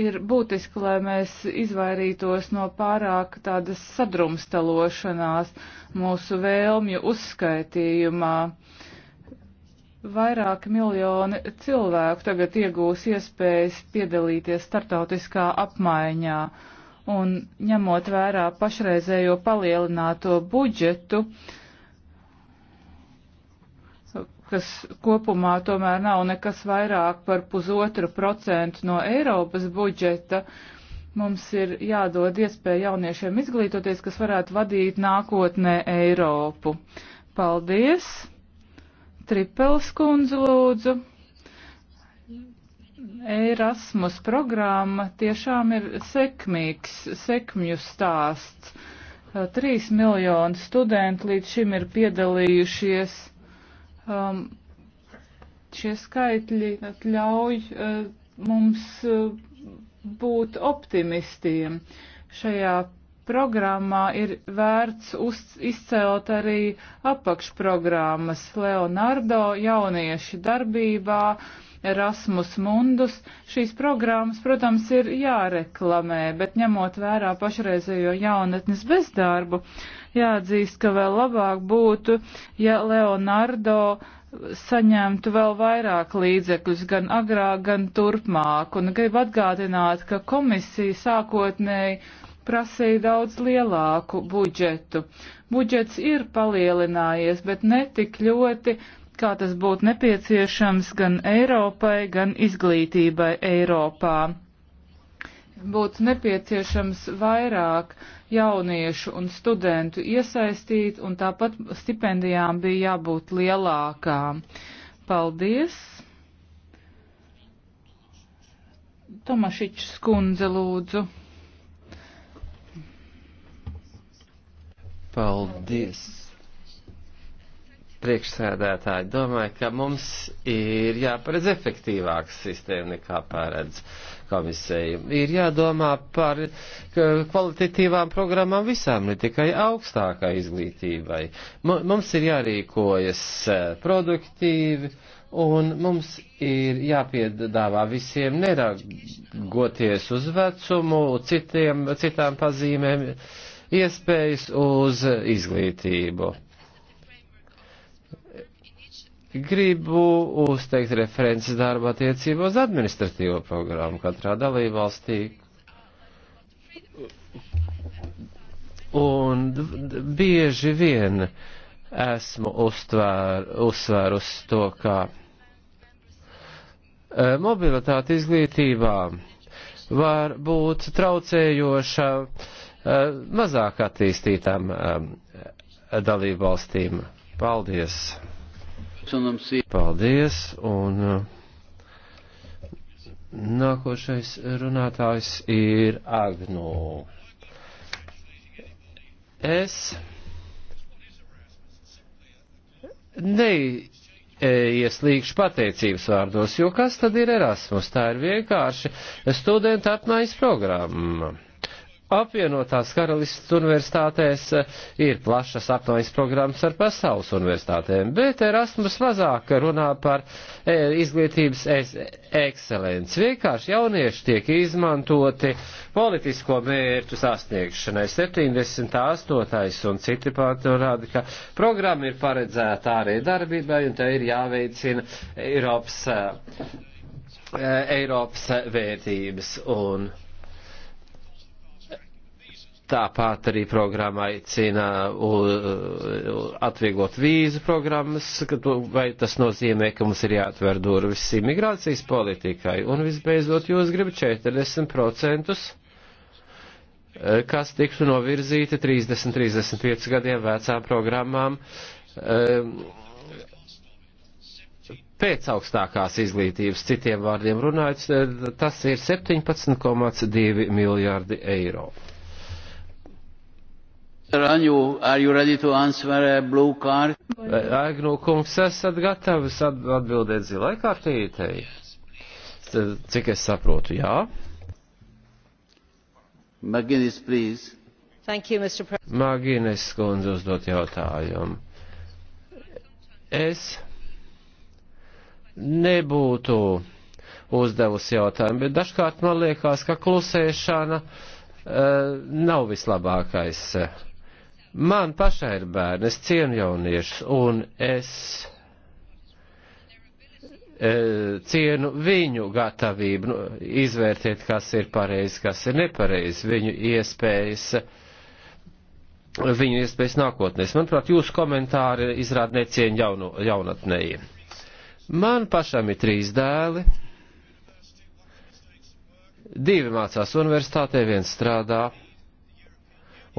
Ir būtiski, lai mēs izvairītos no pārāk tādas sadrumstalošanās mūsu vēlmju uzskaitījumā. Uh, Vairāki miljoni cilvēku tagad iegūs iespējas piedalīties startautiskā apmaiņā, un ņemot vērā pašreizējo palielināto budžetu, kas kopumā tomēr nav nekas vairāk par pusotru procentu no Eiropas budžeta, mums ir jādod iespēja jauniešiem izglītoties, kas varētu vadīt nākotnē Eiropu. Paldies! Tripels kundzu lūdzu. Erasmus programma tiešām ir sekmīgs, sekmju stāsts. Trīs miljoni studenti līdz šim ir piedalījušies. Um, šie skaitļi ļauj uh, mums uh, būt optimistiem. Šajā programmā ir vērts uz, izcelt arī apakšprogrammas Leonardo jaunieši darbībā, Erasmus Mundus. Šīs programmas, protams, ir jāreklamē, bet ņemot vērā pašreizējo jaunatnes bezdarbu, jāatzīst, ka vēl labāk būtu, ja Leonardo saņemtu vēl vairāk līdzekļus gan agrāk, gan turpmāk. Un gribu atgādināt, ka komisija sākotnēji prasīja daudz lielāku budžetu. Budžets ir palielinājies, bet ne tik ļoti, kā tas būtu nepieciešams gan Eiropai, gan izglītībai Eiropā. Būtu nepieciešams vairāk jauniešu un studentu iesaistīt, un tāpat stipendijām bija jābūt lielākām. Paldies! Tomašiķis kundze lūdzu. Paldies! Priekšsēdētāji domāju, ka mums ir jāparedz efektīvāka sistēma nekā paredz komisija. Ir jādomā par kvalitatīvām programmām visām, ne tikai augstākai izglītībai. Mums ir jārīkojas eh, produktīvi un mums ir jāpiedāvā visiem neragoties uz vecumu, citiem, citām pazīmēm iespējas uz izglītību. Gribu uzteikt references darba attiecībā uz administratīvo programmu katrā dalībvalstī. Un bieži vien esmu uztvēr, uzsvērus to, kā e, mobilitāte izglītībā var būt traucējoša Eh, mazāk attīstītām eh, dalību valstīm. Paldies! Paldies! Un eh, nākošais runātājs ir Agno. Es neieslīgšu pateicības vārdos, jo kas tad ir Erasmus? Tā ir vienkārši studenta apmaiņas programma apvienotās karalistas universitātēs eh, ir plašas apmaiņas programmas ar pasaules universitātēm, bet Erasmus mazāk runā par eh, izglītības ekscelenci. Vienkārši jaunieši tiek izmantoti politisko mērķu sasniegšanai. 78. un citi pārti rāda, ka programma ir paredzēta arī darbībai un tā ir jāveicina Eiropas, eh, Eiropas vērtības. Un, Tāpat arī programma aicina atvieglot vīzu programmas, vai tas nozīmē, ka mums ir jāatver durvis imigrācijas politikai. Un visbeidzot, jūs gribat 40%, e, kas tiktu novirzīti 30-35 gadiem vecām programmām e, pēc augstākās izglītības, citiem vārdiem runājot, e, tas ir 17,2 miljārdi eiro. Agno kungs, esat gatavs atbildēt zilai kārtītei? Cik es saprotu, jā. Maginis, please. Thank you, Mr. President. Maginis kundze uzdot jautājumu. Es nebūtu uzdevusi jautājumu, bet dažkārt man liekas, ka klusēšana uh, nav vislabākais. Uh, Man pašai ir bērni, es cienu jauniešus, un es e, cienu viņu gatavību nu, izvērtēt, kas ir pareizi, kas ir nepareizi, viņu iespējas, viņu iespējas nākotnēs. Manuprāt, jūsu komentāri izrāda necieņu jaunu, jaunatnēji. Man pašam ir trīs dēli. Divi mācās universitātē, viens strādā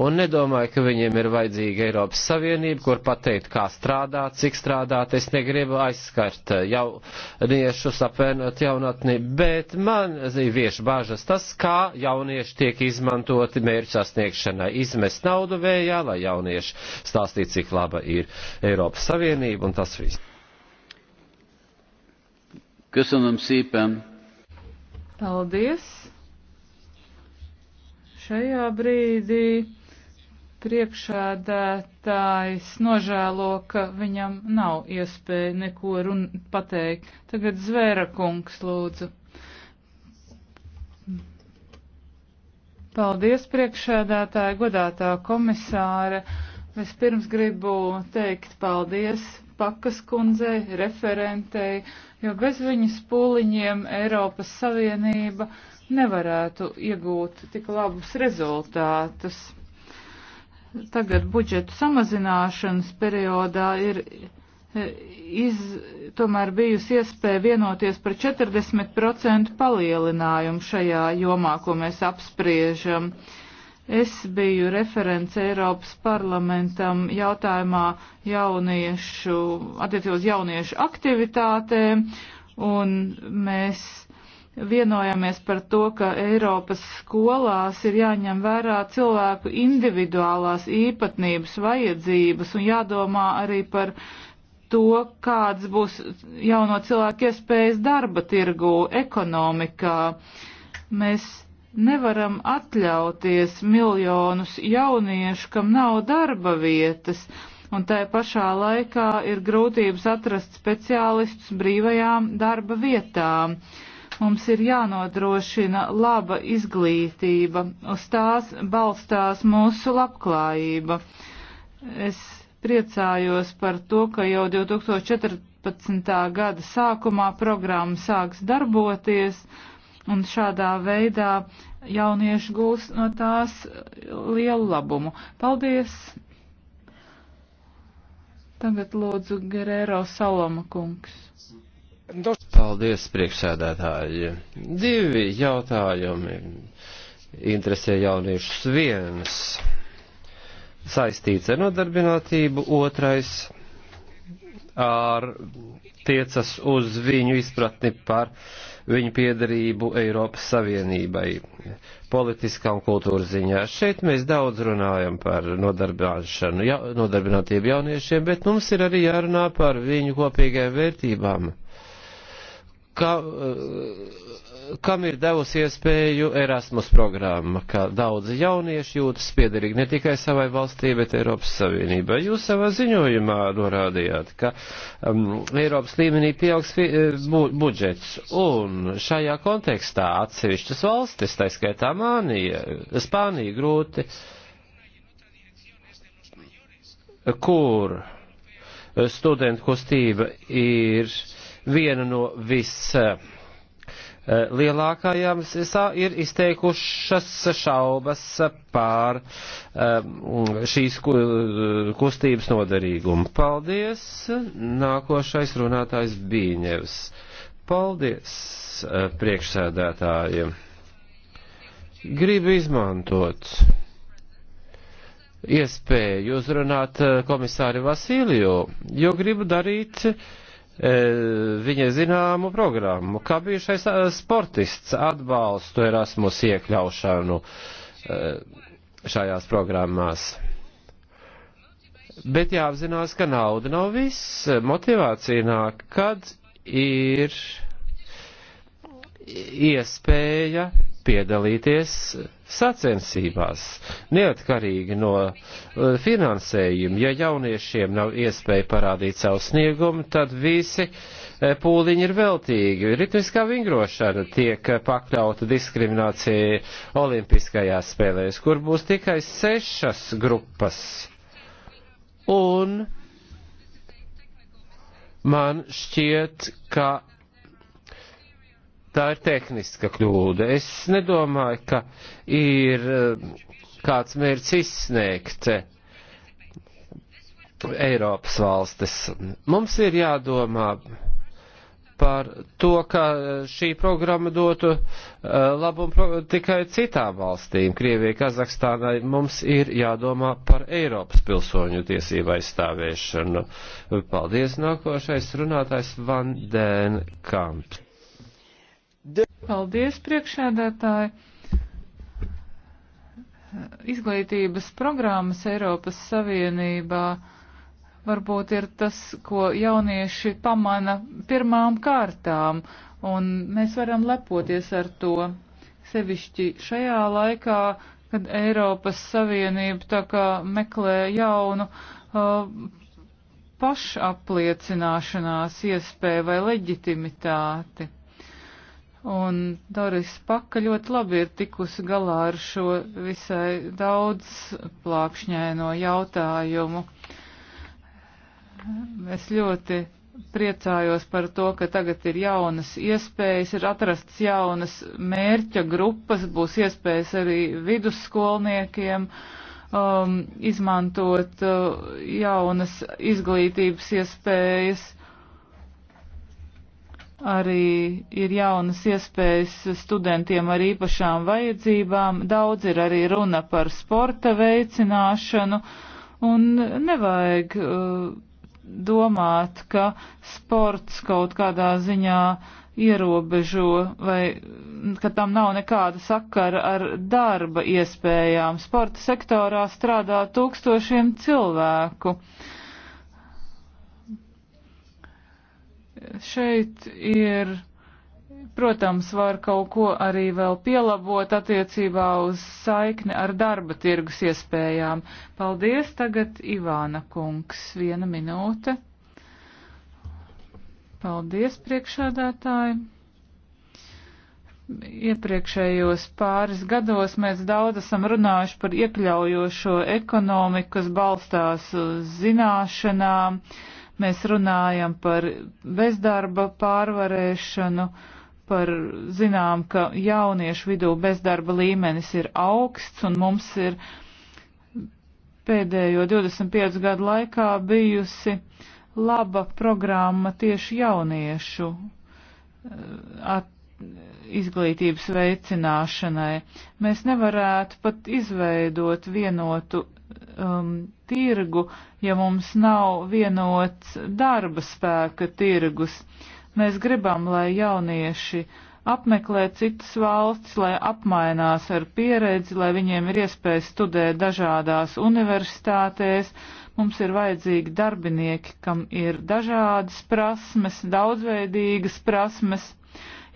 un nedomāju, ka viņiem ir vajadzīga Eiropas Savienība, kur pateikt, kā strādāt, cik strādāt. Es negribu aizskart jauniešus apvienot jaunatni, bet man vieši bāžas tas, kā jaunieši tiek izmantoti mērķu sasniegšanai. Izmest naudu vējā, lai jaunieši stāstītu, cik laba ir Eiropas Savienība un tas viss. Köszönöm szépen! Paldies! Šajā brīdī priekšēdētājs nožēlo, ka viņam nav iespēja neko run pateikt. Tagad zvēra kungs lūdzu. Paldies priekšēdētāji, godātā komisāre. Vispirms gribu teikt paldies Pakas kundzei, referentei, jo bez viņas pūliņiem Eiropas Savienība nevarētu iegūt tik labus rezultātus tagad budžeta samazināšanas periodā ir e, iz, tomēr bijusi iespēja vienoties par 40% palielinājumu šajā jomā, ko mēs apspriežam. Es biju referents Eiropas parlamentam jautājumā jauniešu, attiecībā uz jauniešu aktivitātēm, un mēs vienojamies par to, ka Eiropas skolās ir jāņem vērā cilvēku individuālās īpatnības, vajadzības un jādomā arī par to, kāds būs jauno cilvēku iespējas darba tirgu, ekonomikā. Mēs nevaram atļauties miljonus jauniešu, kam nav darba vietas, un tai pašā laikā ir grūtības atrast speciālistus brīvajām darba vietām. Uh, Mums ir jānodrošina laba izglītība, uz tās balstās mūsu labklājība. Es priecājos par to, ka jau 2014. gada sākumā programma sāks darboties, un šādā veidā jaunieši gūs no tās lielu labumu. Paldies! Tagad lūdzu Gerēro Saloma kungs. Paldies, priekšsēdētāji. Divi jautājumi interesē jauniešus. Viens saistīts ar nodarbinātību, otrais ar tiecas uz viņu izpratni par viņu piedarību Eiropas Savienībai politiskā un kultūras ziņā. Šeit mēs daudz runājam par nodarbināšanu, ja, nodarbinātību jauniešiem, bet mums ir arī jārunā par viņu kopīgajām vērtībām ka, eh, kam ir devusi iespēju Erasmus programma, ka daudzi jaunieši jūtas piederīgi ne tikai savai valstī, bet Eiropas Savienībai. Jūs savā ziņojumā norādījāt, ka um, Eiropas līmenī pieaugs fi, eh, bu, budžets, un šajā kontekstā atsevišķas valstis, tā skaitā Mānija, Spānija grūti, kur studentu kustība ir viena no vis lielākajām ir izteikušas šaubas pār šīs kustības noderīgumu. Paldies! Nākošais runātājs Bīņevs. Paldies priekšsēdētājiem! Gribu izmantot iespēju uzrunāt komisāri Vasiliju, jo gribu darīt uh, E, viņai zināmu programmu. Kā bijušais sportists atbalstu Erasmus iekļaušanu e, šajās programmās. Bet jāapzinās, ka nauda nav viss. Motivācija nāk, kad ir iespēja piedalīties sacensībās, neatkarīgi no e, finansējuma. Ja jauniešiem nav iespēja parādīt savu sniegumu, tad visi e, pūliņi ir veltīgi. Ritmiskā vingrošana tiek pakļauta diskriminācijai olimpiskajās spēlēs, kur būs tikai sešas grupas. Un man šķiet, ka Tā ir tehniska kļūda. Es nedomāju, ka ir eh, kāds mērķis izsniegt eh, Eiropas valstis. Mums ir jādomā par to, ka šī programma dotu eh, labumu pro tikai citām valstīm. Krievijai, Kazahstānai mums ir jādomā par Eiropas pilsoņu tiesību aizstāvēšanu. Paldies, nākošais runātājs Van Dēn Kamps. Paldies, priekšēdētāji! Izglītības programmas Eiropas Savienībā varbūt ir tas, ko jaunieši pamana pirmām kārtām, un mēs varam lepoties ar to. Sevišķi šajā laikā, kad Eiropas Savienība tā kā meklē jaunu uh, pašapliecināšanās iespēju vai leģitimitāti. Un Doris Paka ļoti labi ir tikusi galā ar šo visai daudz plākšņaino jautājumu. Es ļoti priecājos par to, ka tagad ir jaunas iespējas, ir atrastas jaunas mērķa grupas, būs iespējas arī vidusskolniekiem um, izmantot uh, jaunas izglītības iespējas arī ir jaunas iespējas studentiem ar īpašām vajadzībām, daudz ir arī runa par sporta veicināšanu, un nevajag uh, domāt, ka sports kaut kādā ziņā ierobežo vai mm, ka tam nav nekāda sakara ar darba iespējām. Sporta sektorā strādā tūkstošiem cilvēku. Uh, šeit ir, protams, var kaut ko arī vēl pielabot attiecībā uz saikni ar darba tirgus iespējām. Paldies, tagad Ivāna kungs, viena minūte. Paldies, priekšādātāji. Iepriekšējos pāris gados mēs daudz esam runājuši par iekļaujošo ekonomiku, kas balstās uz zināšanām. Uh, Mēs runājam par bezdarba pārvarēšanu, par zinām, ka jauniešu vidū bezdarba līmenis ir augsts un mums ir pēdējo 25 gadu laikā bijusi laba programma tieši jauniešu eh, at, izglītības veicināšanai. Mēs nevarētu pat izveidot vienotu um, tirgu, ja mums nav vienots darba spēka tirgus. Mēs gribam, lai jaunieši apmeklē citas valsts, lai apmainās ar pieredzi, lai viņiem ir iespēja studēt dažādās universitātēs. Mums ir vajadzīgi darbinieki, kam ir dažādas prasmes, daudzveidīgas prasmes.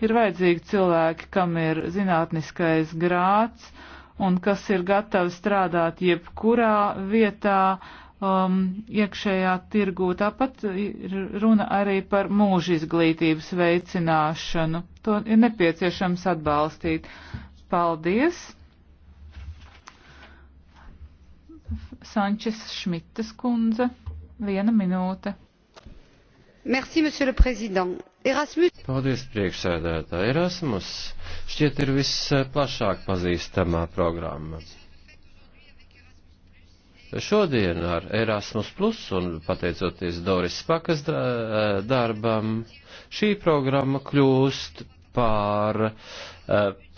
Ir vajadzīgi cilvēki, kam ir zinātniskais grāts un kas ir gatavi strādāt jebkurā vietā um, iekšējā tirgū. Tāpat runa arī par mūža izglītības veicināšanu. To ir nepieciešams atbalstīt. Paldies! Sančes Šmitas kundze, viena minūte. Merci, monsieur le président. Erasmus. Paldies, priekšsēdētāji. Erasmus šķiet ir visplašāk pazīstamā programma. Šodien ar Erasmus Plus un pateicoties Doris Pakas darbam, šī programma kļūst par uh,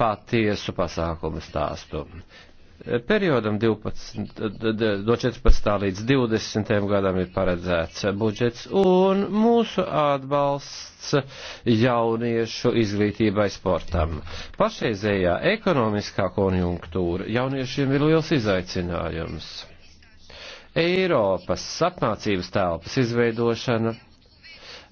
patiesu pasākumu stāstu. Periodam 12, no 14. līdz 20. gadam ir paredzēts budžets un mūsu atbalsts jauniešu izglītībai sportam. Pašreizējā ekonomiskā konjunktūra jauniešiem ir liels izaicinājums. Eiropas apmācības telpas izveidošana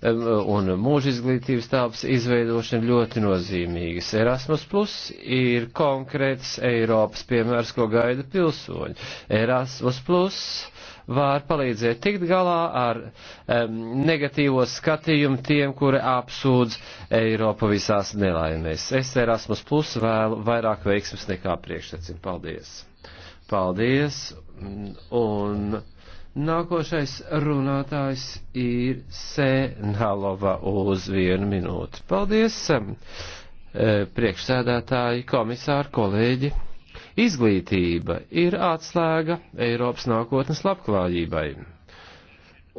un mūža izglītības tāpas izveidošana ļoti nozīmīgas. Erasmus Plus ir konkrēts Eiropas piemērs, ko gaida pilsoņi. Erasmus Plus var palīdzēt tikt galā ar um, negatīvo skatījumu tiem, kuri apsūdz Eiropu visās nelaimēs. Es Erasmus Plus vēlu vairāk veiksmes nekā priekšsacim. Paldies! Paldies! Un, Nākošais runātājs ir Senhalova uz vienu minūti. Paldies, e, priekšsēdētāji, komisāri, kolēģi. Izglītība ir atslēga Eiropas nākotnes labklājībai.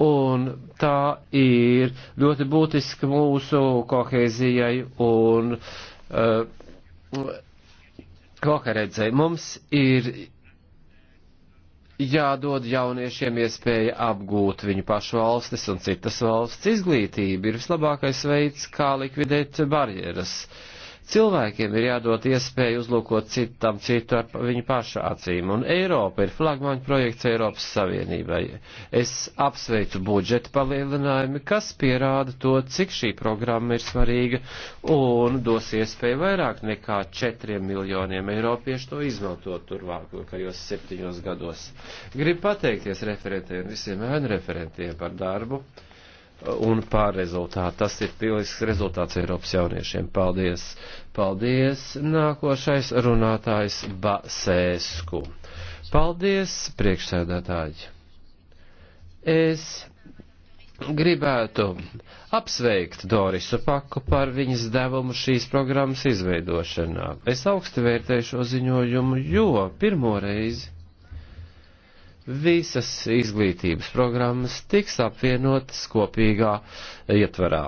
Un tā ir ļoti būtiska mūsu kohēzijai un uh, e, koheredzei. Mums ir jādod jauniešiem iespēja apgūt viņu pašu valstis un citas valsts izglītību. Ir vislabākais veids, kā likvidēt barjeras. Uh, Cilvēkiem ir jādod iespēju uzlūkot citam citu ar viņu pašu acīm, un Eiropa ir flagmaņa projekts Eiropas Savienībai. Es apsveicu budžeta palielinājumi, kas pierāda to, cik šī programma ir svarīga un dos iespēju vairāk nekā 4 miljoniem eiropiešu to izmantot turvākajos septiņos gados. Gribu pateikties referentiem un visiem ēnu referentiem par darbu un par rezultātu. Tas ir pilisks rezultāts Eiropas jauniešiem. Paldies! Paldies! Nākošais runātājs Basēsku. Paldies, priekšsēdētāji! Es gribētu apsveikt Dorisu Paku par viņas devumu šīs programmas izveidošanā. Es augstu vērtēju šo ziņojumu, jo pirmo reizi visas izglītības programmas tiks apvienotas kopīgā ietverā.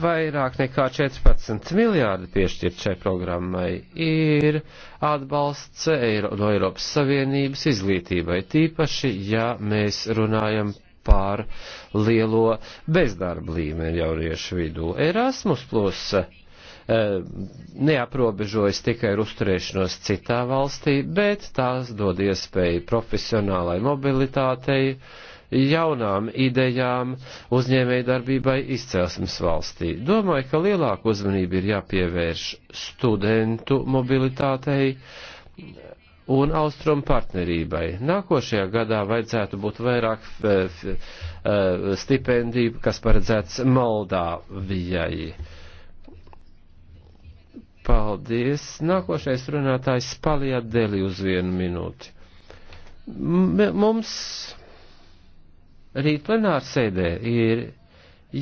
Vairāk nekā 14 miljārdi piešķirt šai programmai ir atbalsts Eiro, no Eiropas Savienības izglītībai, tīpaši, ja mēs runājam par lielo bezdarba līmeni jauniešu vidū. Erasmus plus neaprobežojas tikai ar uzturēšanos citā valstī, bet tās dod iespēju profesionālai mobilitātei, jaunām idejām, uzņēmēju darbībai izcelsmes valstī. Domāju, ka lielāku uzmanību ir jāpievērš studentu mobilitātei un austrumu partnerībai. Nākošajā gadā vajadzētu būt vairāk eh, eh, stipendiju, kas paredzēts Moldāvijai. Paldies. Nākošais runātājs Spalijā Deli uz vienu minūti. M mums rīt plenārsēdē ir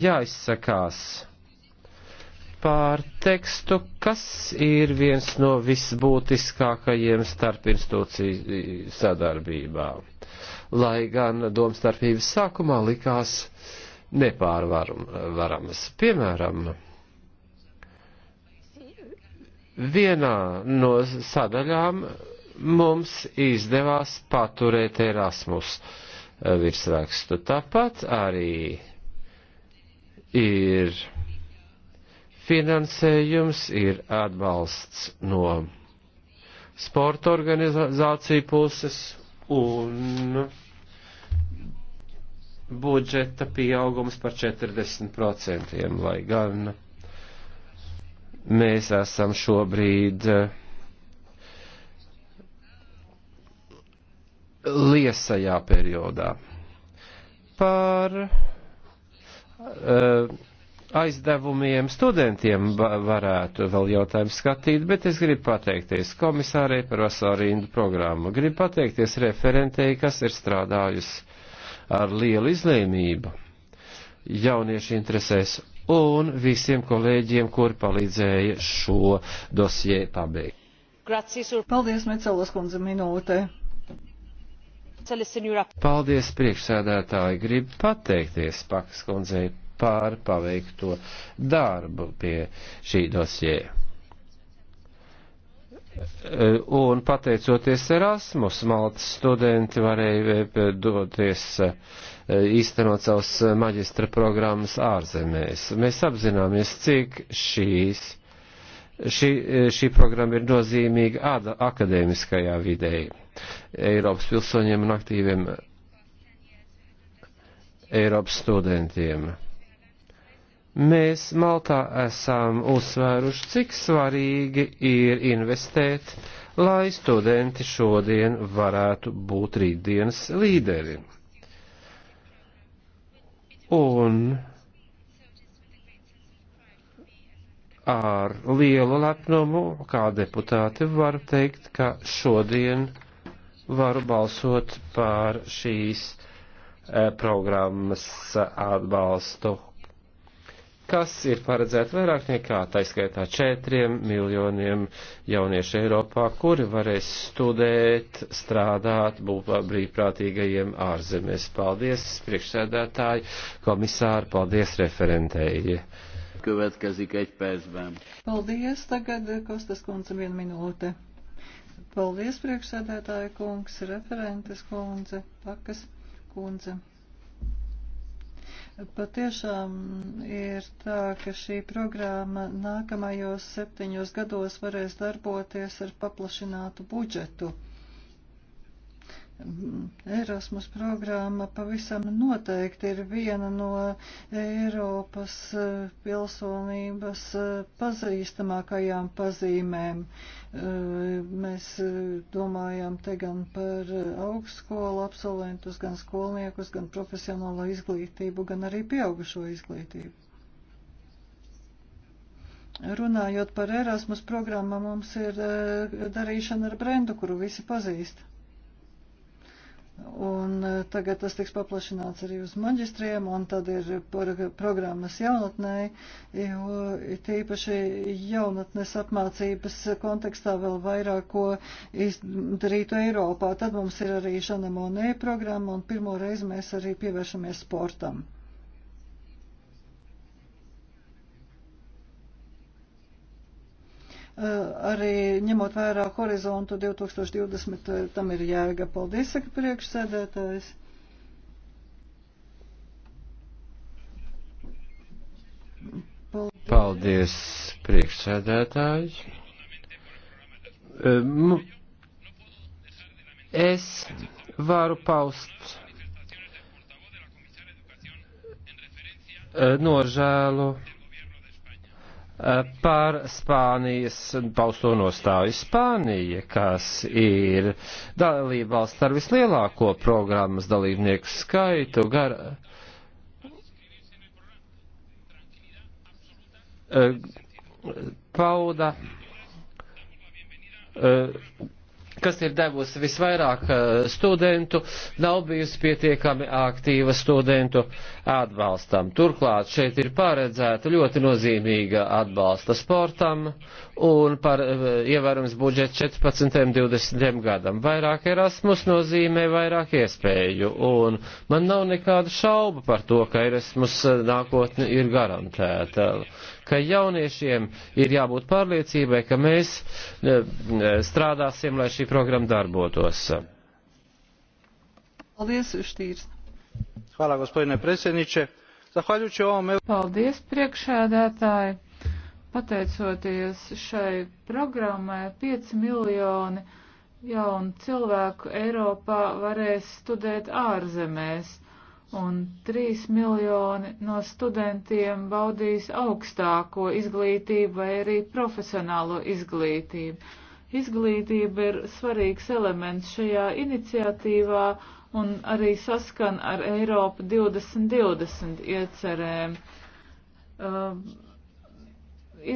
jāizsakās pār tekstu, kas ir viens no visbūtiskākajiem starp institūciju sadarbībā. Lai gan domstarpības sākumā likās nepārvaramas. Piemēram, Vienā no sadaļām mums izdevās paturēt Erasmus eh, virsrakstu. Tāpat arī ir finansējums, ir atbalsts no sporta organizāciju puses un budžeta pieaugums par 40%, lai gan Mēs esam šobrīd eh, liesajā periodā par uh, aizdevumiem studentiem varētu vēl jautājumu skatīt, bet es gribu pateikties komisārei par vasarīndu programmu. Gribu pateikties referentei, kas ir strādājusi ar lielu izlēmību jauniešu interesēs un visiem kolēģiem, kuri palīdzēja šo dosie pabeigt. Paldies, Mecelus kundze, minūte. Paldies, priekšsēdētāji. Gribu pateikties Pakas kundzei par paveikto darbu pie šī dosie. Eh, un pateicoties Erasmus, Maltas studenti varēja eh, doties eh, īstenot savas maģistra programmas ārzemēs. Mēs apzināmies, cik šīs, šī, šī programma ir nozīmīga akadēmiskajā vidē Eiropas pilsoņiem un aktīviem Eiropas studentiem Mēs Maltā esam uzsvēruši, cik svarīgi ir investēt, lai studenti šodien varētu būt rītdienas līderi. Un ar lielu lepnumu, kā deputāti, varu teikt, ka šodien varu balsot par šīs eh, programmas eh, atbalstu kas ir paredzēta vairāk nekā taiskaitā 4 miljoniem jauniešu Eiropā, kuri varēs studēt, strādāt, būt brīvprātīgajiem ārzemēs. Paldies, priekšsēdētāji, komisāri, paldies referentēji. Paldies, tagad Kostas kundze vienu minūte. Paldies, priekšsēdētāja kungs, referentes kundze, pakas kundze. Patiešām ir tā, ka šī programma nākamajos septiņos gados varēs darboties ar paplašinātu budžetu. Erasmus programma pavisam noteikti ir viena no Eiropas eh, pilsonības eh, pazīstamākajām pazīmēm. Eh, mēs domājam te gan par augstskolu absolventus, gan skolniekus, gan profesionālo izglītību, gan arī pieaugušo izglītību. Runājot par Erasmus programmu, mums ir darīšana ar brendu, kuru visi pazīst. Un e, tagad tas tiks paplašināts arī uz maģistriem, un tad ir programmas jaunatnē, jo tīpaši jaunatnes apmācības kontekstā vēl vairāk ko izdarītu Eiropā. Tad mums ir arī Žana Monē programma, un pirmo reizi mēs arī pievēršamies sportam. Eh, arī ņemot vērā horizontu 2020, eh, tam ir jēga. Paldies, saka priekšsēdētājs. Paldies, Paldies priekšsēdētājs. Um, eh, es varu paust nožēlu Eh, par Spānijas pausto nostāju. Spānija, kas ir dalībvalsts ar vislielāko programmas dalībnieku skaitu, gar, eh, pauda eh, kas ir devusi visvairāk eh, studentu, nav bijusi pietiekami aktīva studentu atbalstam. Turklāt šeit ir paredzēta ļoti nozīmīga atbalsta sportam un par eh, ievērums budžets 14. 20. gadam. Vairāk Erasmus nozīmē vairāk iespēju un man nav nekādu šaubu par to, ka Erasmus eh, nākotne ir garantēta ka jauniešiem ir jābūt pārliecībai, ka mēs e, e, strādāsim, lai šī programma darbotos. Paldies, Štīrs. Hvala, gospodine predsjedniče. Zahvaljujući ovom... Paldies, priekšēdētāji. Pateicoties šai programmai, 5 miljoni jaunu cilvēku Eiropā varēs studēt ārzemēs un 3 miljoni no studentiem baudīs augstāko izglītību vai arī profesionālo izglītību. Izglītība ir svarīgs elements šajā iniciatīvā un arī saskan ar Eiropa 2020 iecerēm. Uh,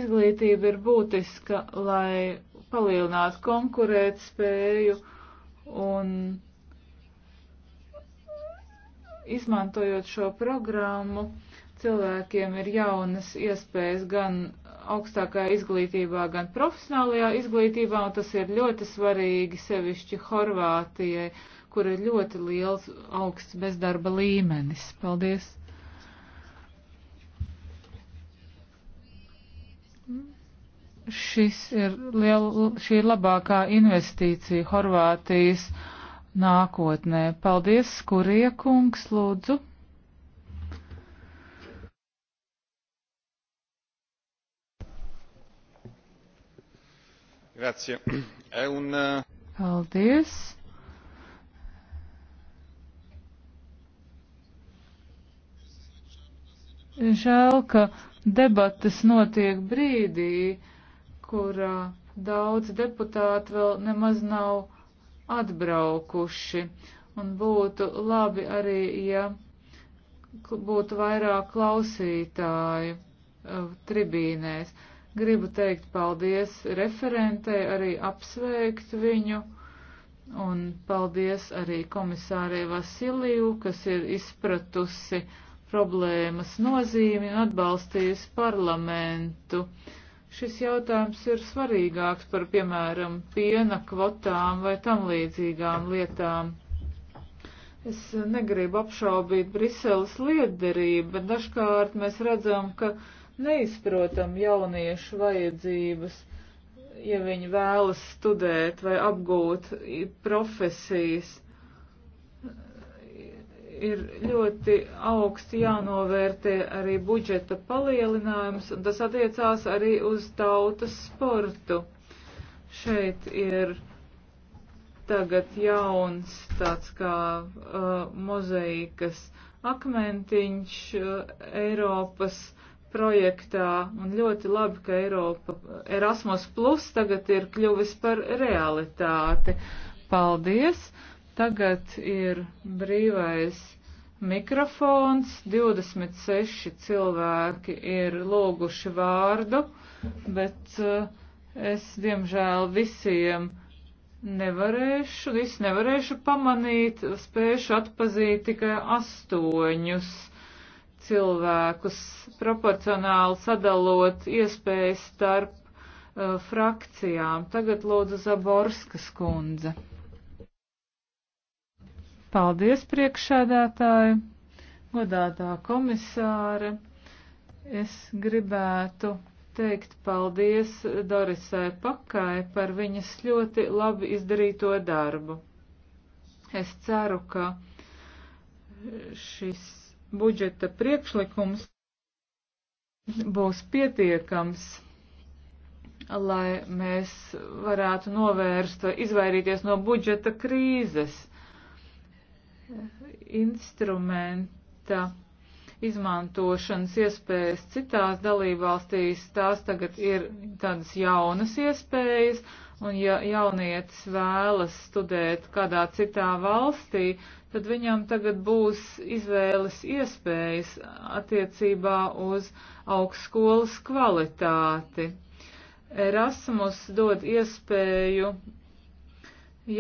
izglītība ir būtiska, lai palielinātu konkurētspēju un izmantojot šo programmu, cilvēkiem ir jaunas iespējas gan augstākā izglītībā, gan profesionālajā izglītībā, un tas ir ļoti svarīgi sevišķi Horvātijai, kur ir ļoti liels augsts bezdarba līmenis. Paldies! Šis ir liel, šī ir labākā investīcija Horvātijas nākotnē. Paldies, Skurie kungs, lūdzu. Grazie. È un... Eh, Paldies. Žēl, ka debatas notiek brīdī, kurā daudz deputātu vēl nemaz nav atbraukuši. Un būtu labi arī, ja būtu vairāk klausītāju uh, tribīnēs. Gribu teikt paldies referentei, arī apsveikt viņu. Un paldies arī komisārei Vasiliju, kas ir izpratusi problēmas nozīmi un atbalstījusi parlamentu šis jautājums ir svarīgāks par, piemēram, piena kvotām vai tam līdzīgām lietām. Es negribu apšaubīt Briseles liederību, bet dažkārt mēs redzam, ka neizprotam jauniešu vajadzības, ja viņi vēlas studēt vai apgūt profesijas ir ļoti augsti jānovērtē arī budžeta palielinājums, un tas attiecās arī uz tautas sportu. Šeit ir tagad jauns tāds kā uh, mozaikas akmentiņš uh, Eiropas projektā, un ļoti labi, ka Eiropa Erasmus Plus tagad ir kļuvis par realitāti. Paldies! Tagad ir brīvais mikrofons, 26 cilvēki ir lūguši vārdu, bet eh, es, diemžēl, visiem nevarēšu, visu nevarēšu pamanīt, spēšu atpazīt tikai astoņus cilvēkus, proporcionāli sadalot iespējas starp uh, frakcijām. Tagad lūdzu Zaborskas kundze. Paldies, priekšsēdētāji, godātā komisāre. Es gribētu teikt paldies Dorisai Pakai par viņas ļoti labi izdarīto darbu. Es ceru, ka šis budžeta priekšlikums būs pietiekams, lai mēs varētu novērst vai izvairīties no budžeta krīzes instrumenta izmantošanas iespējas citās dalībvalstīs, tās tagad ir tādas jaunas iespējas, un ja jaunietis vēlas studēt kādā citā valstī, tad viņam tagad būs izvēles iespējas attiecībā uz augstskolas kvalitāti. Erasmus dod iespēju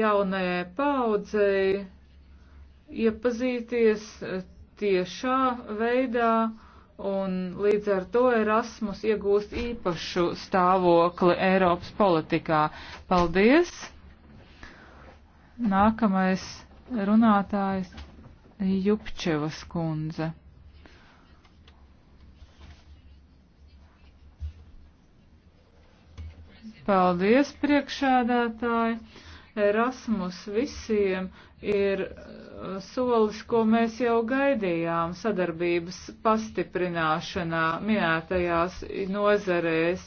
jaunajai paudzei iepazīties e, tiešā veidā, un līdz ar to Erasmus iegūst īpašu stāvokli Eiropas politikā. Paldies! Nākamais runātājs Jupčevas kundze. Paldies, priekšādātāji! Erasmus visiem ir uh, solis, ko mēs jau gaidījām sadarbības pastiprināšanā minētajās nozarēs.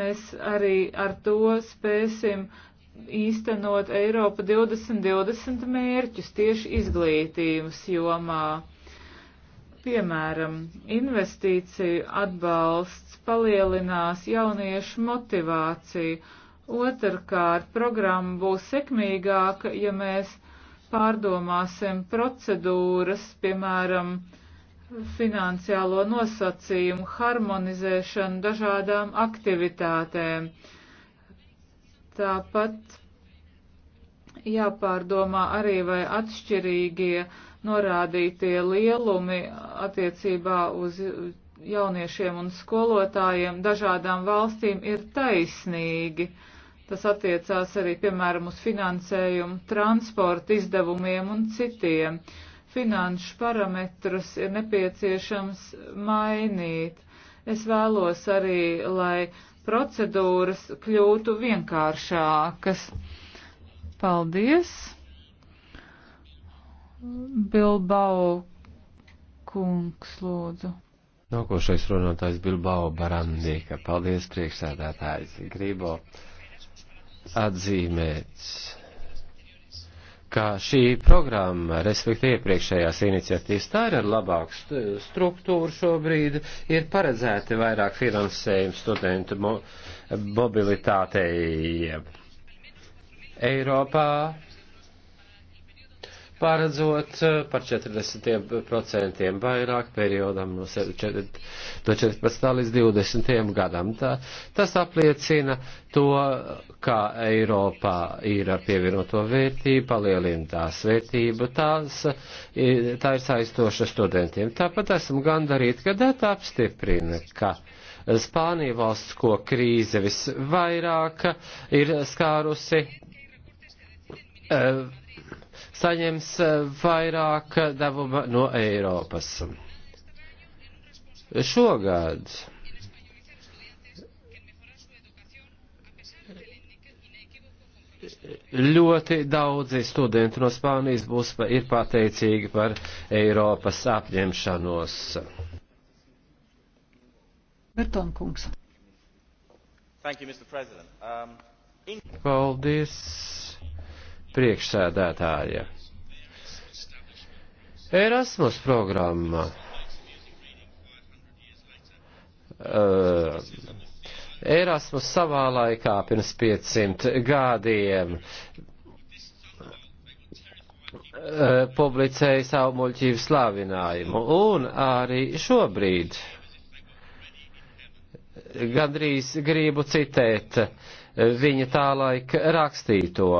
Mēs arī ar to spēsim īstenot Eiropa 2020 mērķus tieši izglītības jomā. Piemēram, investīciju atbalsts palielinās jauniešu motivāciju Otrkārt, programma būs sekmīgāka, ja mēs pārdomāsim procedūras, piemēram, finansiālo nosacījumu harmonizēšanu dažādām aktivitātēm. Tāpat jāpārdomā arī, vai atšķirīgie norādītie lielumi attiecībā uz jauniešiem un skolotājiem dažādām valstīm ir taisnīgi. Uh, Tas attiecās arī, piemēram, uz finansējumu, transporta izdevumiem un citiem. Finanšu parametrus ir nepieciešams mainīt. Es vēlos arī, lai procedūras kļūtu vienkāršākas. Paldies! Bilbao kungs, lūdzu. Nākošais runātājs Bilbao Barandīka. Paldies, priekšsēdētājs. Gribu atzīmēt, ka šī programma, respektīvi iepriekšējās iniciatīvas, tā ir ar labāku st struktūru šobrīd, ir paredzēti vairāk finansējumu studentu mo mobilitātei Eiropā paredzot eh, par 40% vairāk periodam no 14. līdz 20. gadam. Tā, tas apliecina to, kā Eiropā ir ar pievienoto vērtību, palielina tās vērtību, tās, tā ir saistoša studentiem. Tāpat esmu gandarīti, ka data e apstiprina, ka. Spānija valsts, ko krīze visvairāk ir skārusi, eh, saņems eh, vairāk devuma no Eiropas. Šogad ļoti daudzi studenti no Spānijas būs ir pateicīgi par Eiropas apņemšanos. Berton kungs. Thank you, Mr. President. Um, in... Paldies priekšsēdētāja. Erasmus programma. Uh, Erasmus savā laikā pirms 500 gadiem uh, publicēja savu muļķību slāvinājumu. Un arī šobrīd gandrīz gribu citēt eh, viņa tālaika rakstīto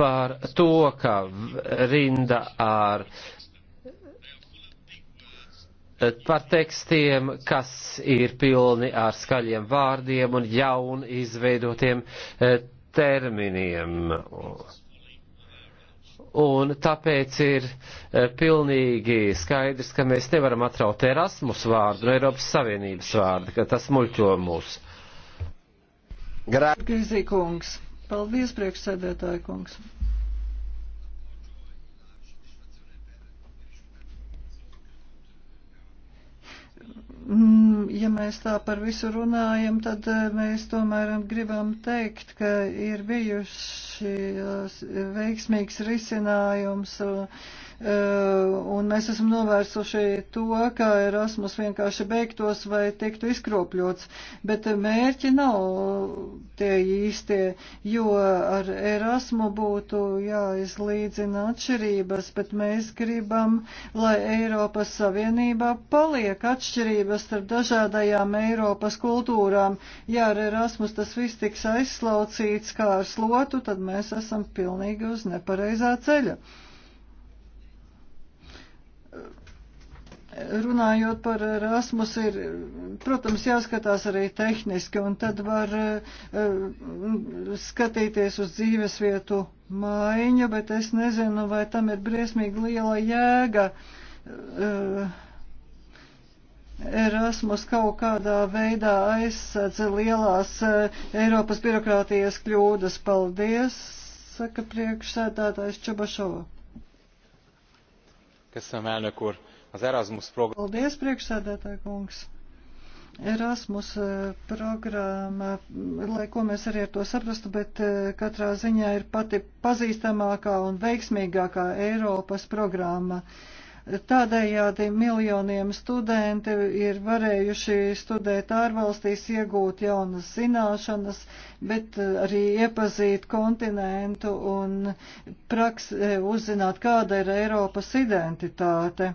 par to, ka rinda ar par tekstiem, kas ir pilni ar skaļiem vārdiem un jaun izveidotiem e, terminiem. Un tāpēc ir e, pilnīgi skaidrs, ka mēs nevaram atraut Erasmus vārdu no Eiropas Savienības vārda, ka tas muļķo mūs. Grāzīkungs, paldies priekšsēdētāji kungs. Mm, ja mēs tā par visu runājam, tad eh, mēs tomēr gribam teikt, ka ir bijuši eh, veiksmīgs risinājums. Uh, Eh, un mēs esam novērsuši to, ka Erasmus vienkārši beigtos vai tiktu izkropļots, bet mērķi nav tie īstie, jo ar Erasmu būtu jāizlīdzina atšķirības, bet mēs gribam, lai Eiropas Savienībā paliek atšķirības starp dažādajām Eiropas kultūrām. Ja ar Erasmus tas viss tiks aizslaucīts kā ar slotu, tad mēs esam pilnīgi uz nepareizā ceļa. runājot par Erasmus, ir, protams, jāskatās arī tehniski, un tad var eh, skatīties uz dzīvesvietu maiņu, bet es nezinu, vai tam ir briesmīgi liela jēga. Eh, Erasmus kaut kādā veidā aizsadz lielās eh, Eiropas birokrātijas kļūdas. Paldies, saka priekšsēdētājs Čabašova. Köszönöm, elnök úr! az Erasmus programmu. Paldies, priekšsēdētāji kungs! Erasmus eh, programma, lai ko mēs arī ar to saprastu, bet eh, katrā ziņā ir pati pazīstamākā un veiksmīgākā Eiropas programma. Tādējādi miljoniem studenti ir varējuši studēt ārvalstīs, iegūt jaunas zināšanas, bet eh, arī iepazīt kontinentu un praks, uzzināt, kāda ir Eiropas identitāte.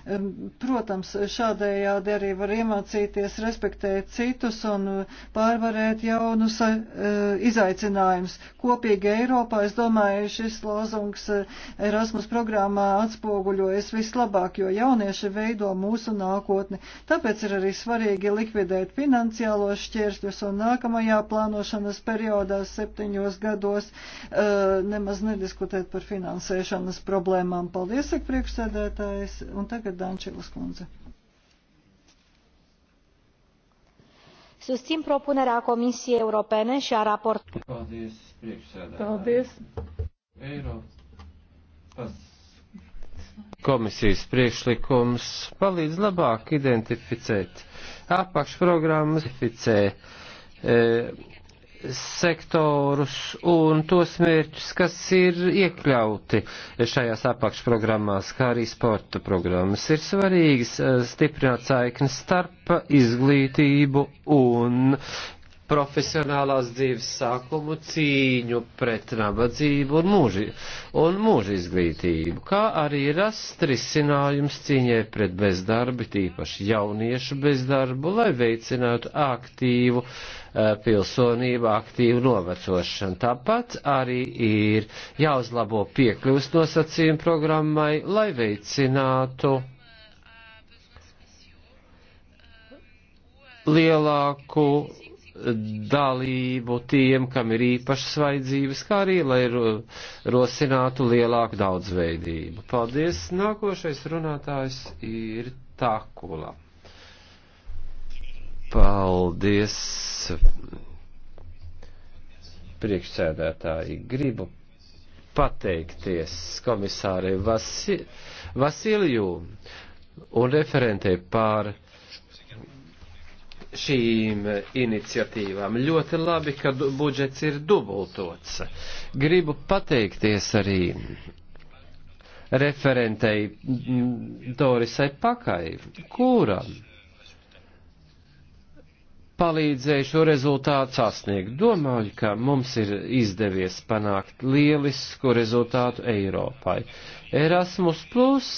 Protams, šādējādi arī var iemācīties respektēt citus un pārvarēt jaunus eh, izaicinājumus. Kopīgi Eiropā, es domāju, šis lozungs eh, Erasmus programmā atspoguļojas vislabāk, jo jaunieši veido mūsu nākotni. Tāpēc ir arī svarīgi likvidēt finansiālos šķēršļus un nākamajā plānošanas periodā septiņos gados eh, nemaz nediskutēt par finansēšanas problēmām. Paldies, priekšsēdētājs! Un tagad tagad Dančevas kundze. Susțin propunerea Comisiei Europene și a raportului. Paldies, priekšsēdētāji. Paldies. Eiropas komisijas priekšlikums palīdz labāk identificēt apakšprogrammas, identificē e, sektorus un tos mērķus, kas ir iekļauti šajās apakšprogrammās, kā arī sporta programmas. Ir svarīgi eh, stiprināt saiknes starp izglītību un profesionālās dzīves sākumu, cīņu pret nabadzību un mūži, un mūža izglītību, kā arī rast risinājums cīņai pret bezdarbi, tīpaši jauniešu bezdarbu, lai veicinātu aktīvu eh, pilsonību, aktīvu novecošanu. Tāpat arī ir jāuzlabo piekļuvs nosacījumu programmai, lai veicinātu lielāku dalību tiem, kam ir īpašas vajadzības, kā arī, lai rosinātu lielāku daudzveidību. Paldies! Nākošais runātājs ir Takula. Paldies! Priekšsēdētāji, gribu pateikties komisārai Vasi Vasiljū un referentei par šīm iniciatīvām. Ļoti labi, ka budžets ir dubultots. Gribu pateikties arī referentei mm, Dorisai Pakai, kura palīdzēja šo rezultātu sasniegt. Domāju, ka mums ir izdevies panākt lielisku rezultātu Eiropai. Erasmus Plus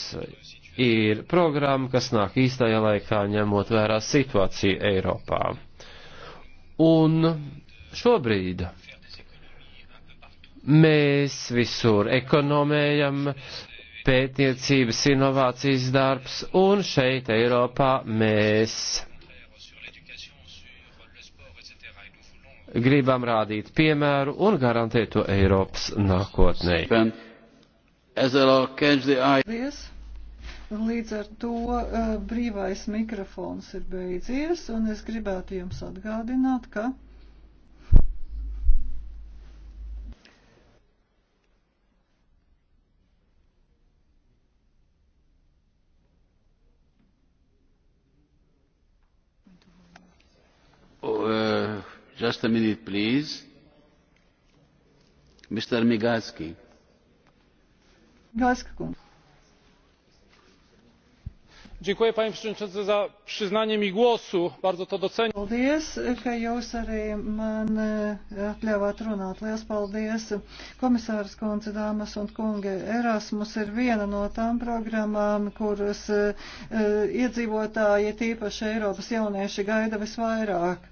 ir programma, kas nāk īstajā laikā, ņemot vērā situāciju Eiropā. Un šobrīd mēs visur ekonomējam, pētniecības inovācijas darbs, un šeit Eiropā mēs gribam rādīt piemēru un garantēt to Eiropas nākotnē. Lies. Līdz ar to uh, brīvais mikrofons ir beidzies, un es gribētu jums atgādināt, ka. Uh, just a minute, please. Mr. Migalski. Migalska kungs. Dziękuję panie przewodniczący za przyznanie mi głosu. Bardzo to doceniam. Paldies, ka jūs arī man e, atļāvāt runāt. Lielas paldies, komisārs kundze, dāmas un kungi. Erasmus ir viena no tām programmām, kuras uh, iedzīvotāji, tīpaši Eiropas jaunieši, gaida visvairāk.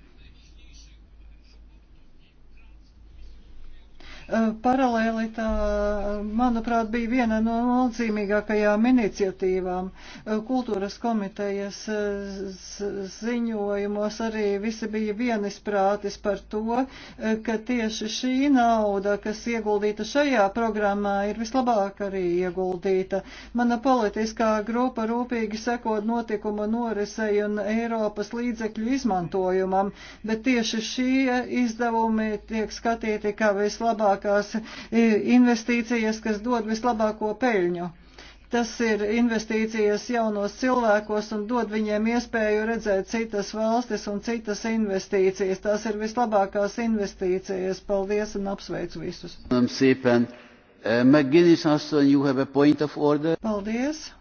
Eh, paralēli tā, eh, manuprāt, bija viena no nozīmīgākajām iniciatīvām. Eh, kultūras komitejas ziņojumos arī visi bija vienisprātis par to, ka tieši šī nauda, kas ieguldīta šajā programmā, ir vislabāk arī ieguldīta. Mana politiskā grupa rūpīgi sekot notikumu norisei un Eiropas līdzekļu izmantojumam, bet tieši šie izdevumi tiek skatīti kā vislabāk labākās investīcijas, kas dod vislabāko peļņu. Tas ir investīcijas jaunos cilvēkos un dod viņiem iespēju redzēt citas valstis un citas investīcijas. Tās ir vislabākās investīcijas. Paldies un apsveicu visus. Eh, Paldies.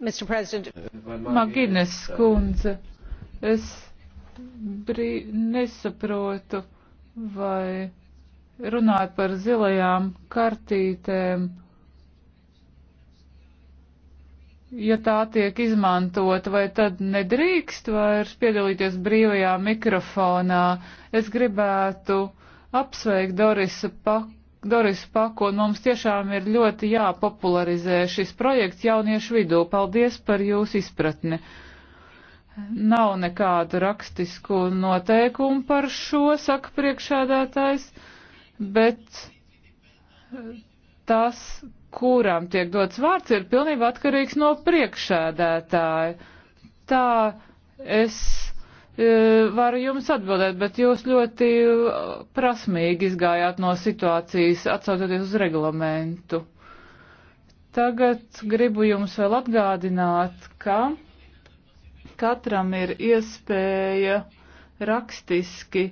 Mr. President, eh, Magines kundze, es brī, nesaprotu, vai runāt par zilajām kartītēm, ja tā tiek izmantota, vai tad nedrīkst vairs piedalīties brīvajā mikrofonā. Es gribētu apsveikt Dorisu Paku. Doris Paku, un mums tiešām ir ļoti jāpopularizē šis projekts jauniešu vidū. Paldies par jūsu izpratni. Nav nekādu rakstisku noteikumu par šo, saka priekšādātājs bet tas, kuram tiek dots vārds, ir pilnībā atkarīgs no priekšēdētāja. Tā es e, varu jums atbildēt, bet jūs ļoti prasmīgi izgājāt no situācijas, atsaucoties uz reglamentu. Tagad gribu jums vēl atgādināt, ka katram ir iespēja rakstiski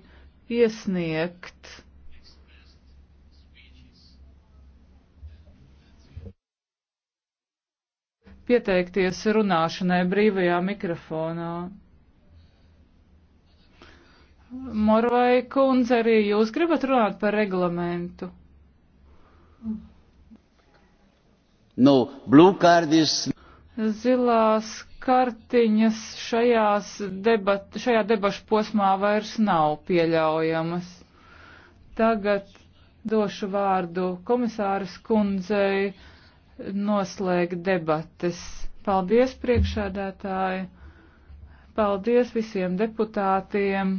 iesniegt pieteikties runāšanai brīvajā mikrofonā. Morvai kundze, arī jūs gribat runāt par reglamentu? No, is... Zilās kartiņas šajās debat, šajā debašu posmā vairs nav pieļaujamas. Tagad došu vārdu komisāras kundzei noslēgt debates. Paldies priekšādātāji, paldies visiem deputātiem.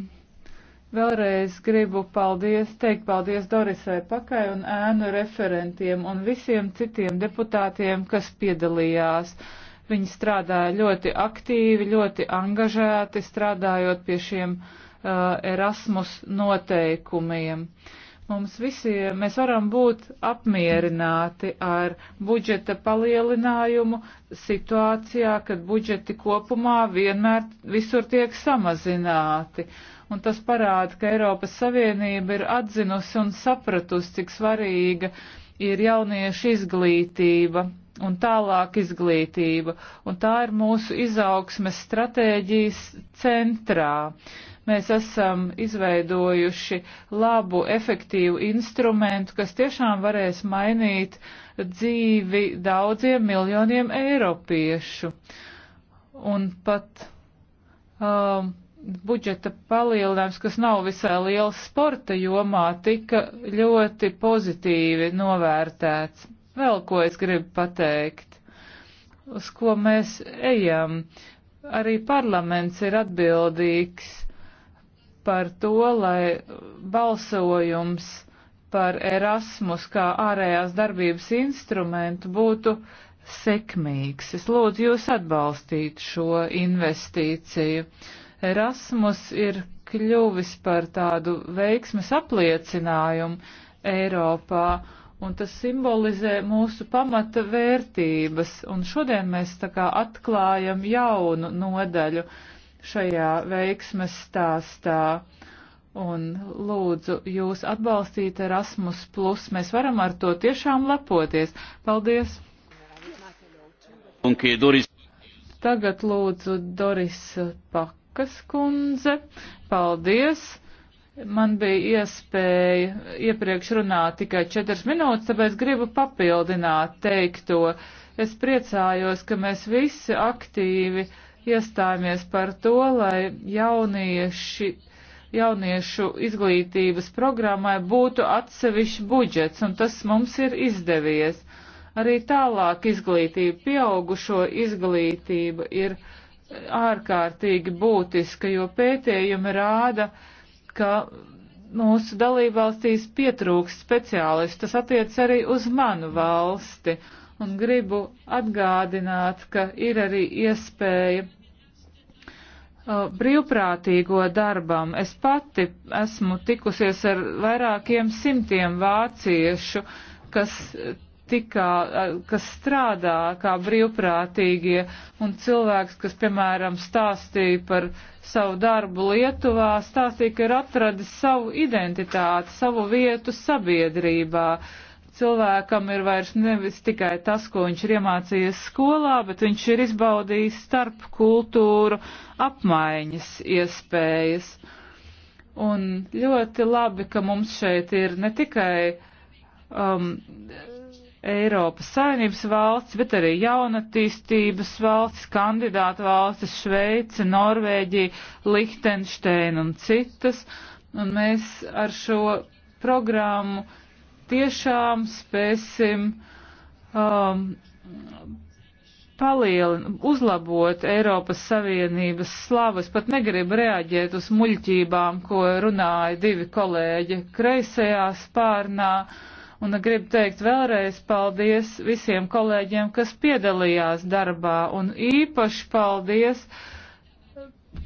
Vēlreiz gribu paldies, teikt paldies Dorisai Pakai un ēnu referentiem un visiem citiem deputātiem, kas piedalījās. Viņi strādāja ļoti aktīvi, ļoti angažēti, strādājot pie šiem uh, Erasmus noteikumiem. Uh, Mums visiem mēs varam būt apmierināti ar budžeta palielinājumu situācijā, kad budžeti kopumā vienmēr visur tiek samazināti. Un tas parāda, ka Eiropas Savienība ir atzinusi un sapratusi, cik svarīga ir jauniešu izglītība un tālāk izglītība. Un tā ir mūsu izaugsmes stratēģijas centrā. Mēs esam izveidojuši labu, efektīvu instrumentu, kas tiešām varēs mainīt dzīvi daudziem miljoniem eiropiešu. Un pat um, budžeta palielinājums, kas nav visai liels sporta jomā, tika ļoti pozitīvi novērtēts vēl ko es gribu pateikt, uz ko mēs ejam. Arī parlaments ir atbildīgs par to, lai balsojums par Erasmus kā ārējās darbības instrumentu būtu sekmīgs. Es lūdzu jūs atbalstīt šo investīciju. Erasmus ir kļuvis par tādu veiksmes apliecinājumu Eiropā un tas simbolizē mūsu pamata vērtības. Un šodien mēs tā kā atklājam jaunu nodaļu šajā veiksmes stāstā. Un lūdzu jūs atbalstīt Erasmus, mēs varam ar to tiešām lepoties. Paldies! Tagad lūdzu Doris Pakas kundze. Paldies! Man bija iespēja iepriekš runāt tikai četras minūtes, tāpēc gribu papildināt teikto. Es priecājos, ka mēs visi aktīvi iestājāmies par to, lai jaunieši, jauniešu izglītības programmai būtu atsevišķi budžets, un tas mums ir izdevies. Arī tālāk izglītība, pieaugušo izglītība ir ārkārtīgi būtiska, jo pētījumi rāda, ka ka mūsu dalībvalstīs pietrūks speciālistu. Tas attiec arī uz manu valsti. Un gribu atgādināt, ka ir arī iespēja uh, brīvprātīgo darbam. Es pati esmu tikusies ar vairākiem simtiem vāciešu, kas tikā, kas strādā kā brīvprātīgie, un cilvēks, kas, piemēram, stāstīja par savu darbu Lietuvā, stāstīja, ka ir atradis savu identitāti, savu vietu sabiedrībā. Cilvēkam ir vairs nevis tikai tas, ko viņš ir iemācījies skolā, bet viņš ir izbaudījis starp kultūru apmaiņas iespējas. Un ļoti labi, ka mums šeit ir ne tikai um, Eiropas Savienības valsts, bet arī jaunatīstības valsts, kandidātu valstis Šveice, Norvēģija, Lihtenšteina un citas. Un mēs ar šo programmu tiešām spēsim um, palielin, uzlabot Eiropas Savienības slavu. Es pat negribu reaģēt uz muļķībām, ko runāja divi kolēģi kreisajā spārnā. Uh, Un gribu teikt vēlreiz paldies visiem kolēģiem, kas piedalījās darbā, un īpaši paldies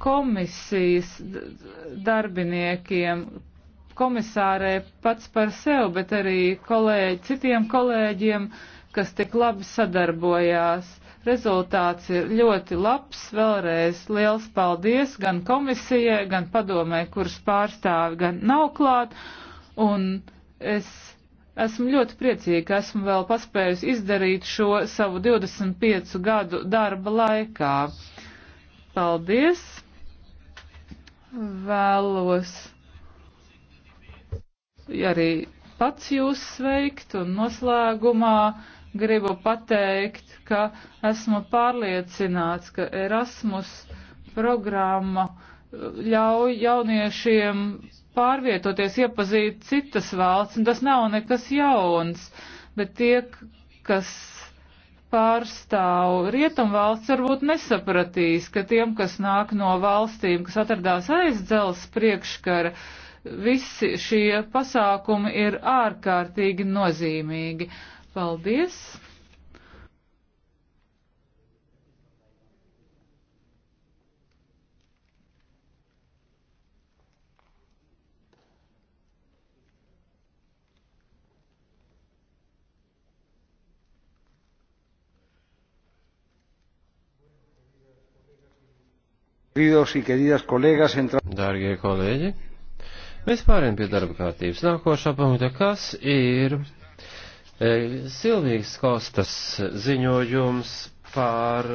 komisijas darbiniekiem, komisārē pats par sevi, bet arī kolēģi, citiem kolēģiem, kas tik labi sadarbojās. Rezultāts ir ļoti labs. Vēlreiz liels paldies gan komisijai, gan padomē, kuras pārstāvi gan nav klāt. Un es Esmu ļoti priecīga, ka esmu vēl paspējusi izdarīt šo savu 25 gadu darba laikā. Paldies! Vēlos arī pats jūs sveikt un noslēgumā gribu pateikt, ka esmu pārliecināts, ka Erasmus programma ļauj jauniešiem pārvietoties, iepazīt citas valsts, un tas nav nekas jauns, bet tie, kas pārstāv rietumvalsts, varbūt nesapratīs, ka tiem, kas nāk no valstīm, kas atradās aiz dzels priekškara, visi šie pasākumi ir ārkārtīgi nozīmīgi. Paldies! Dārgie kolēģi, mēs pārējām pie darba kārtības. Nākošā punkta, kas ir e, Silvijas Kostas ziņojums par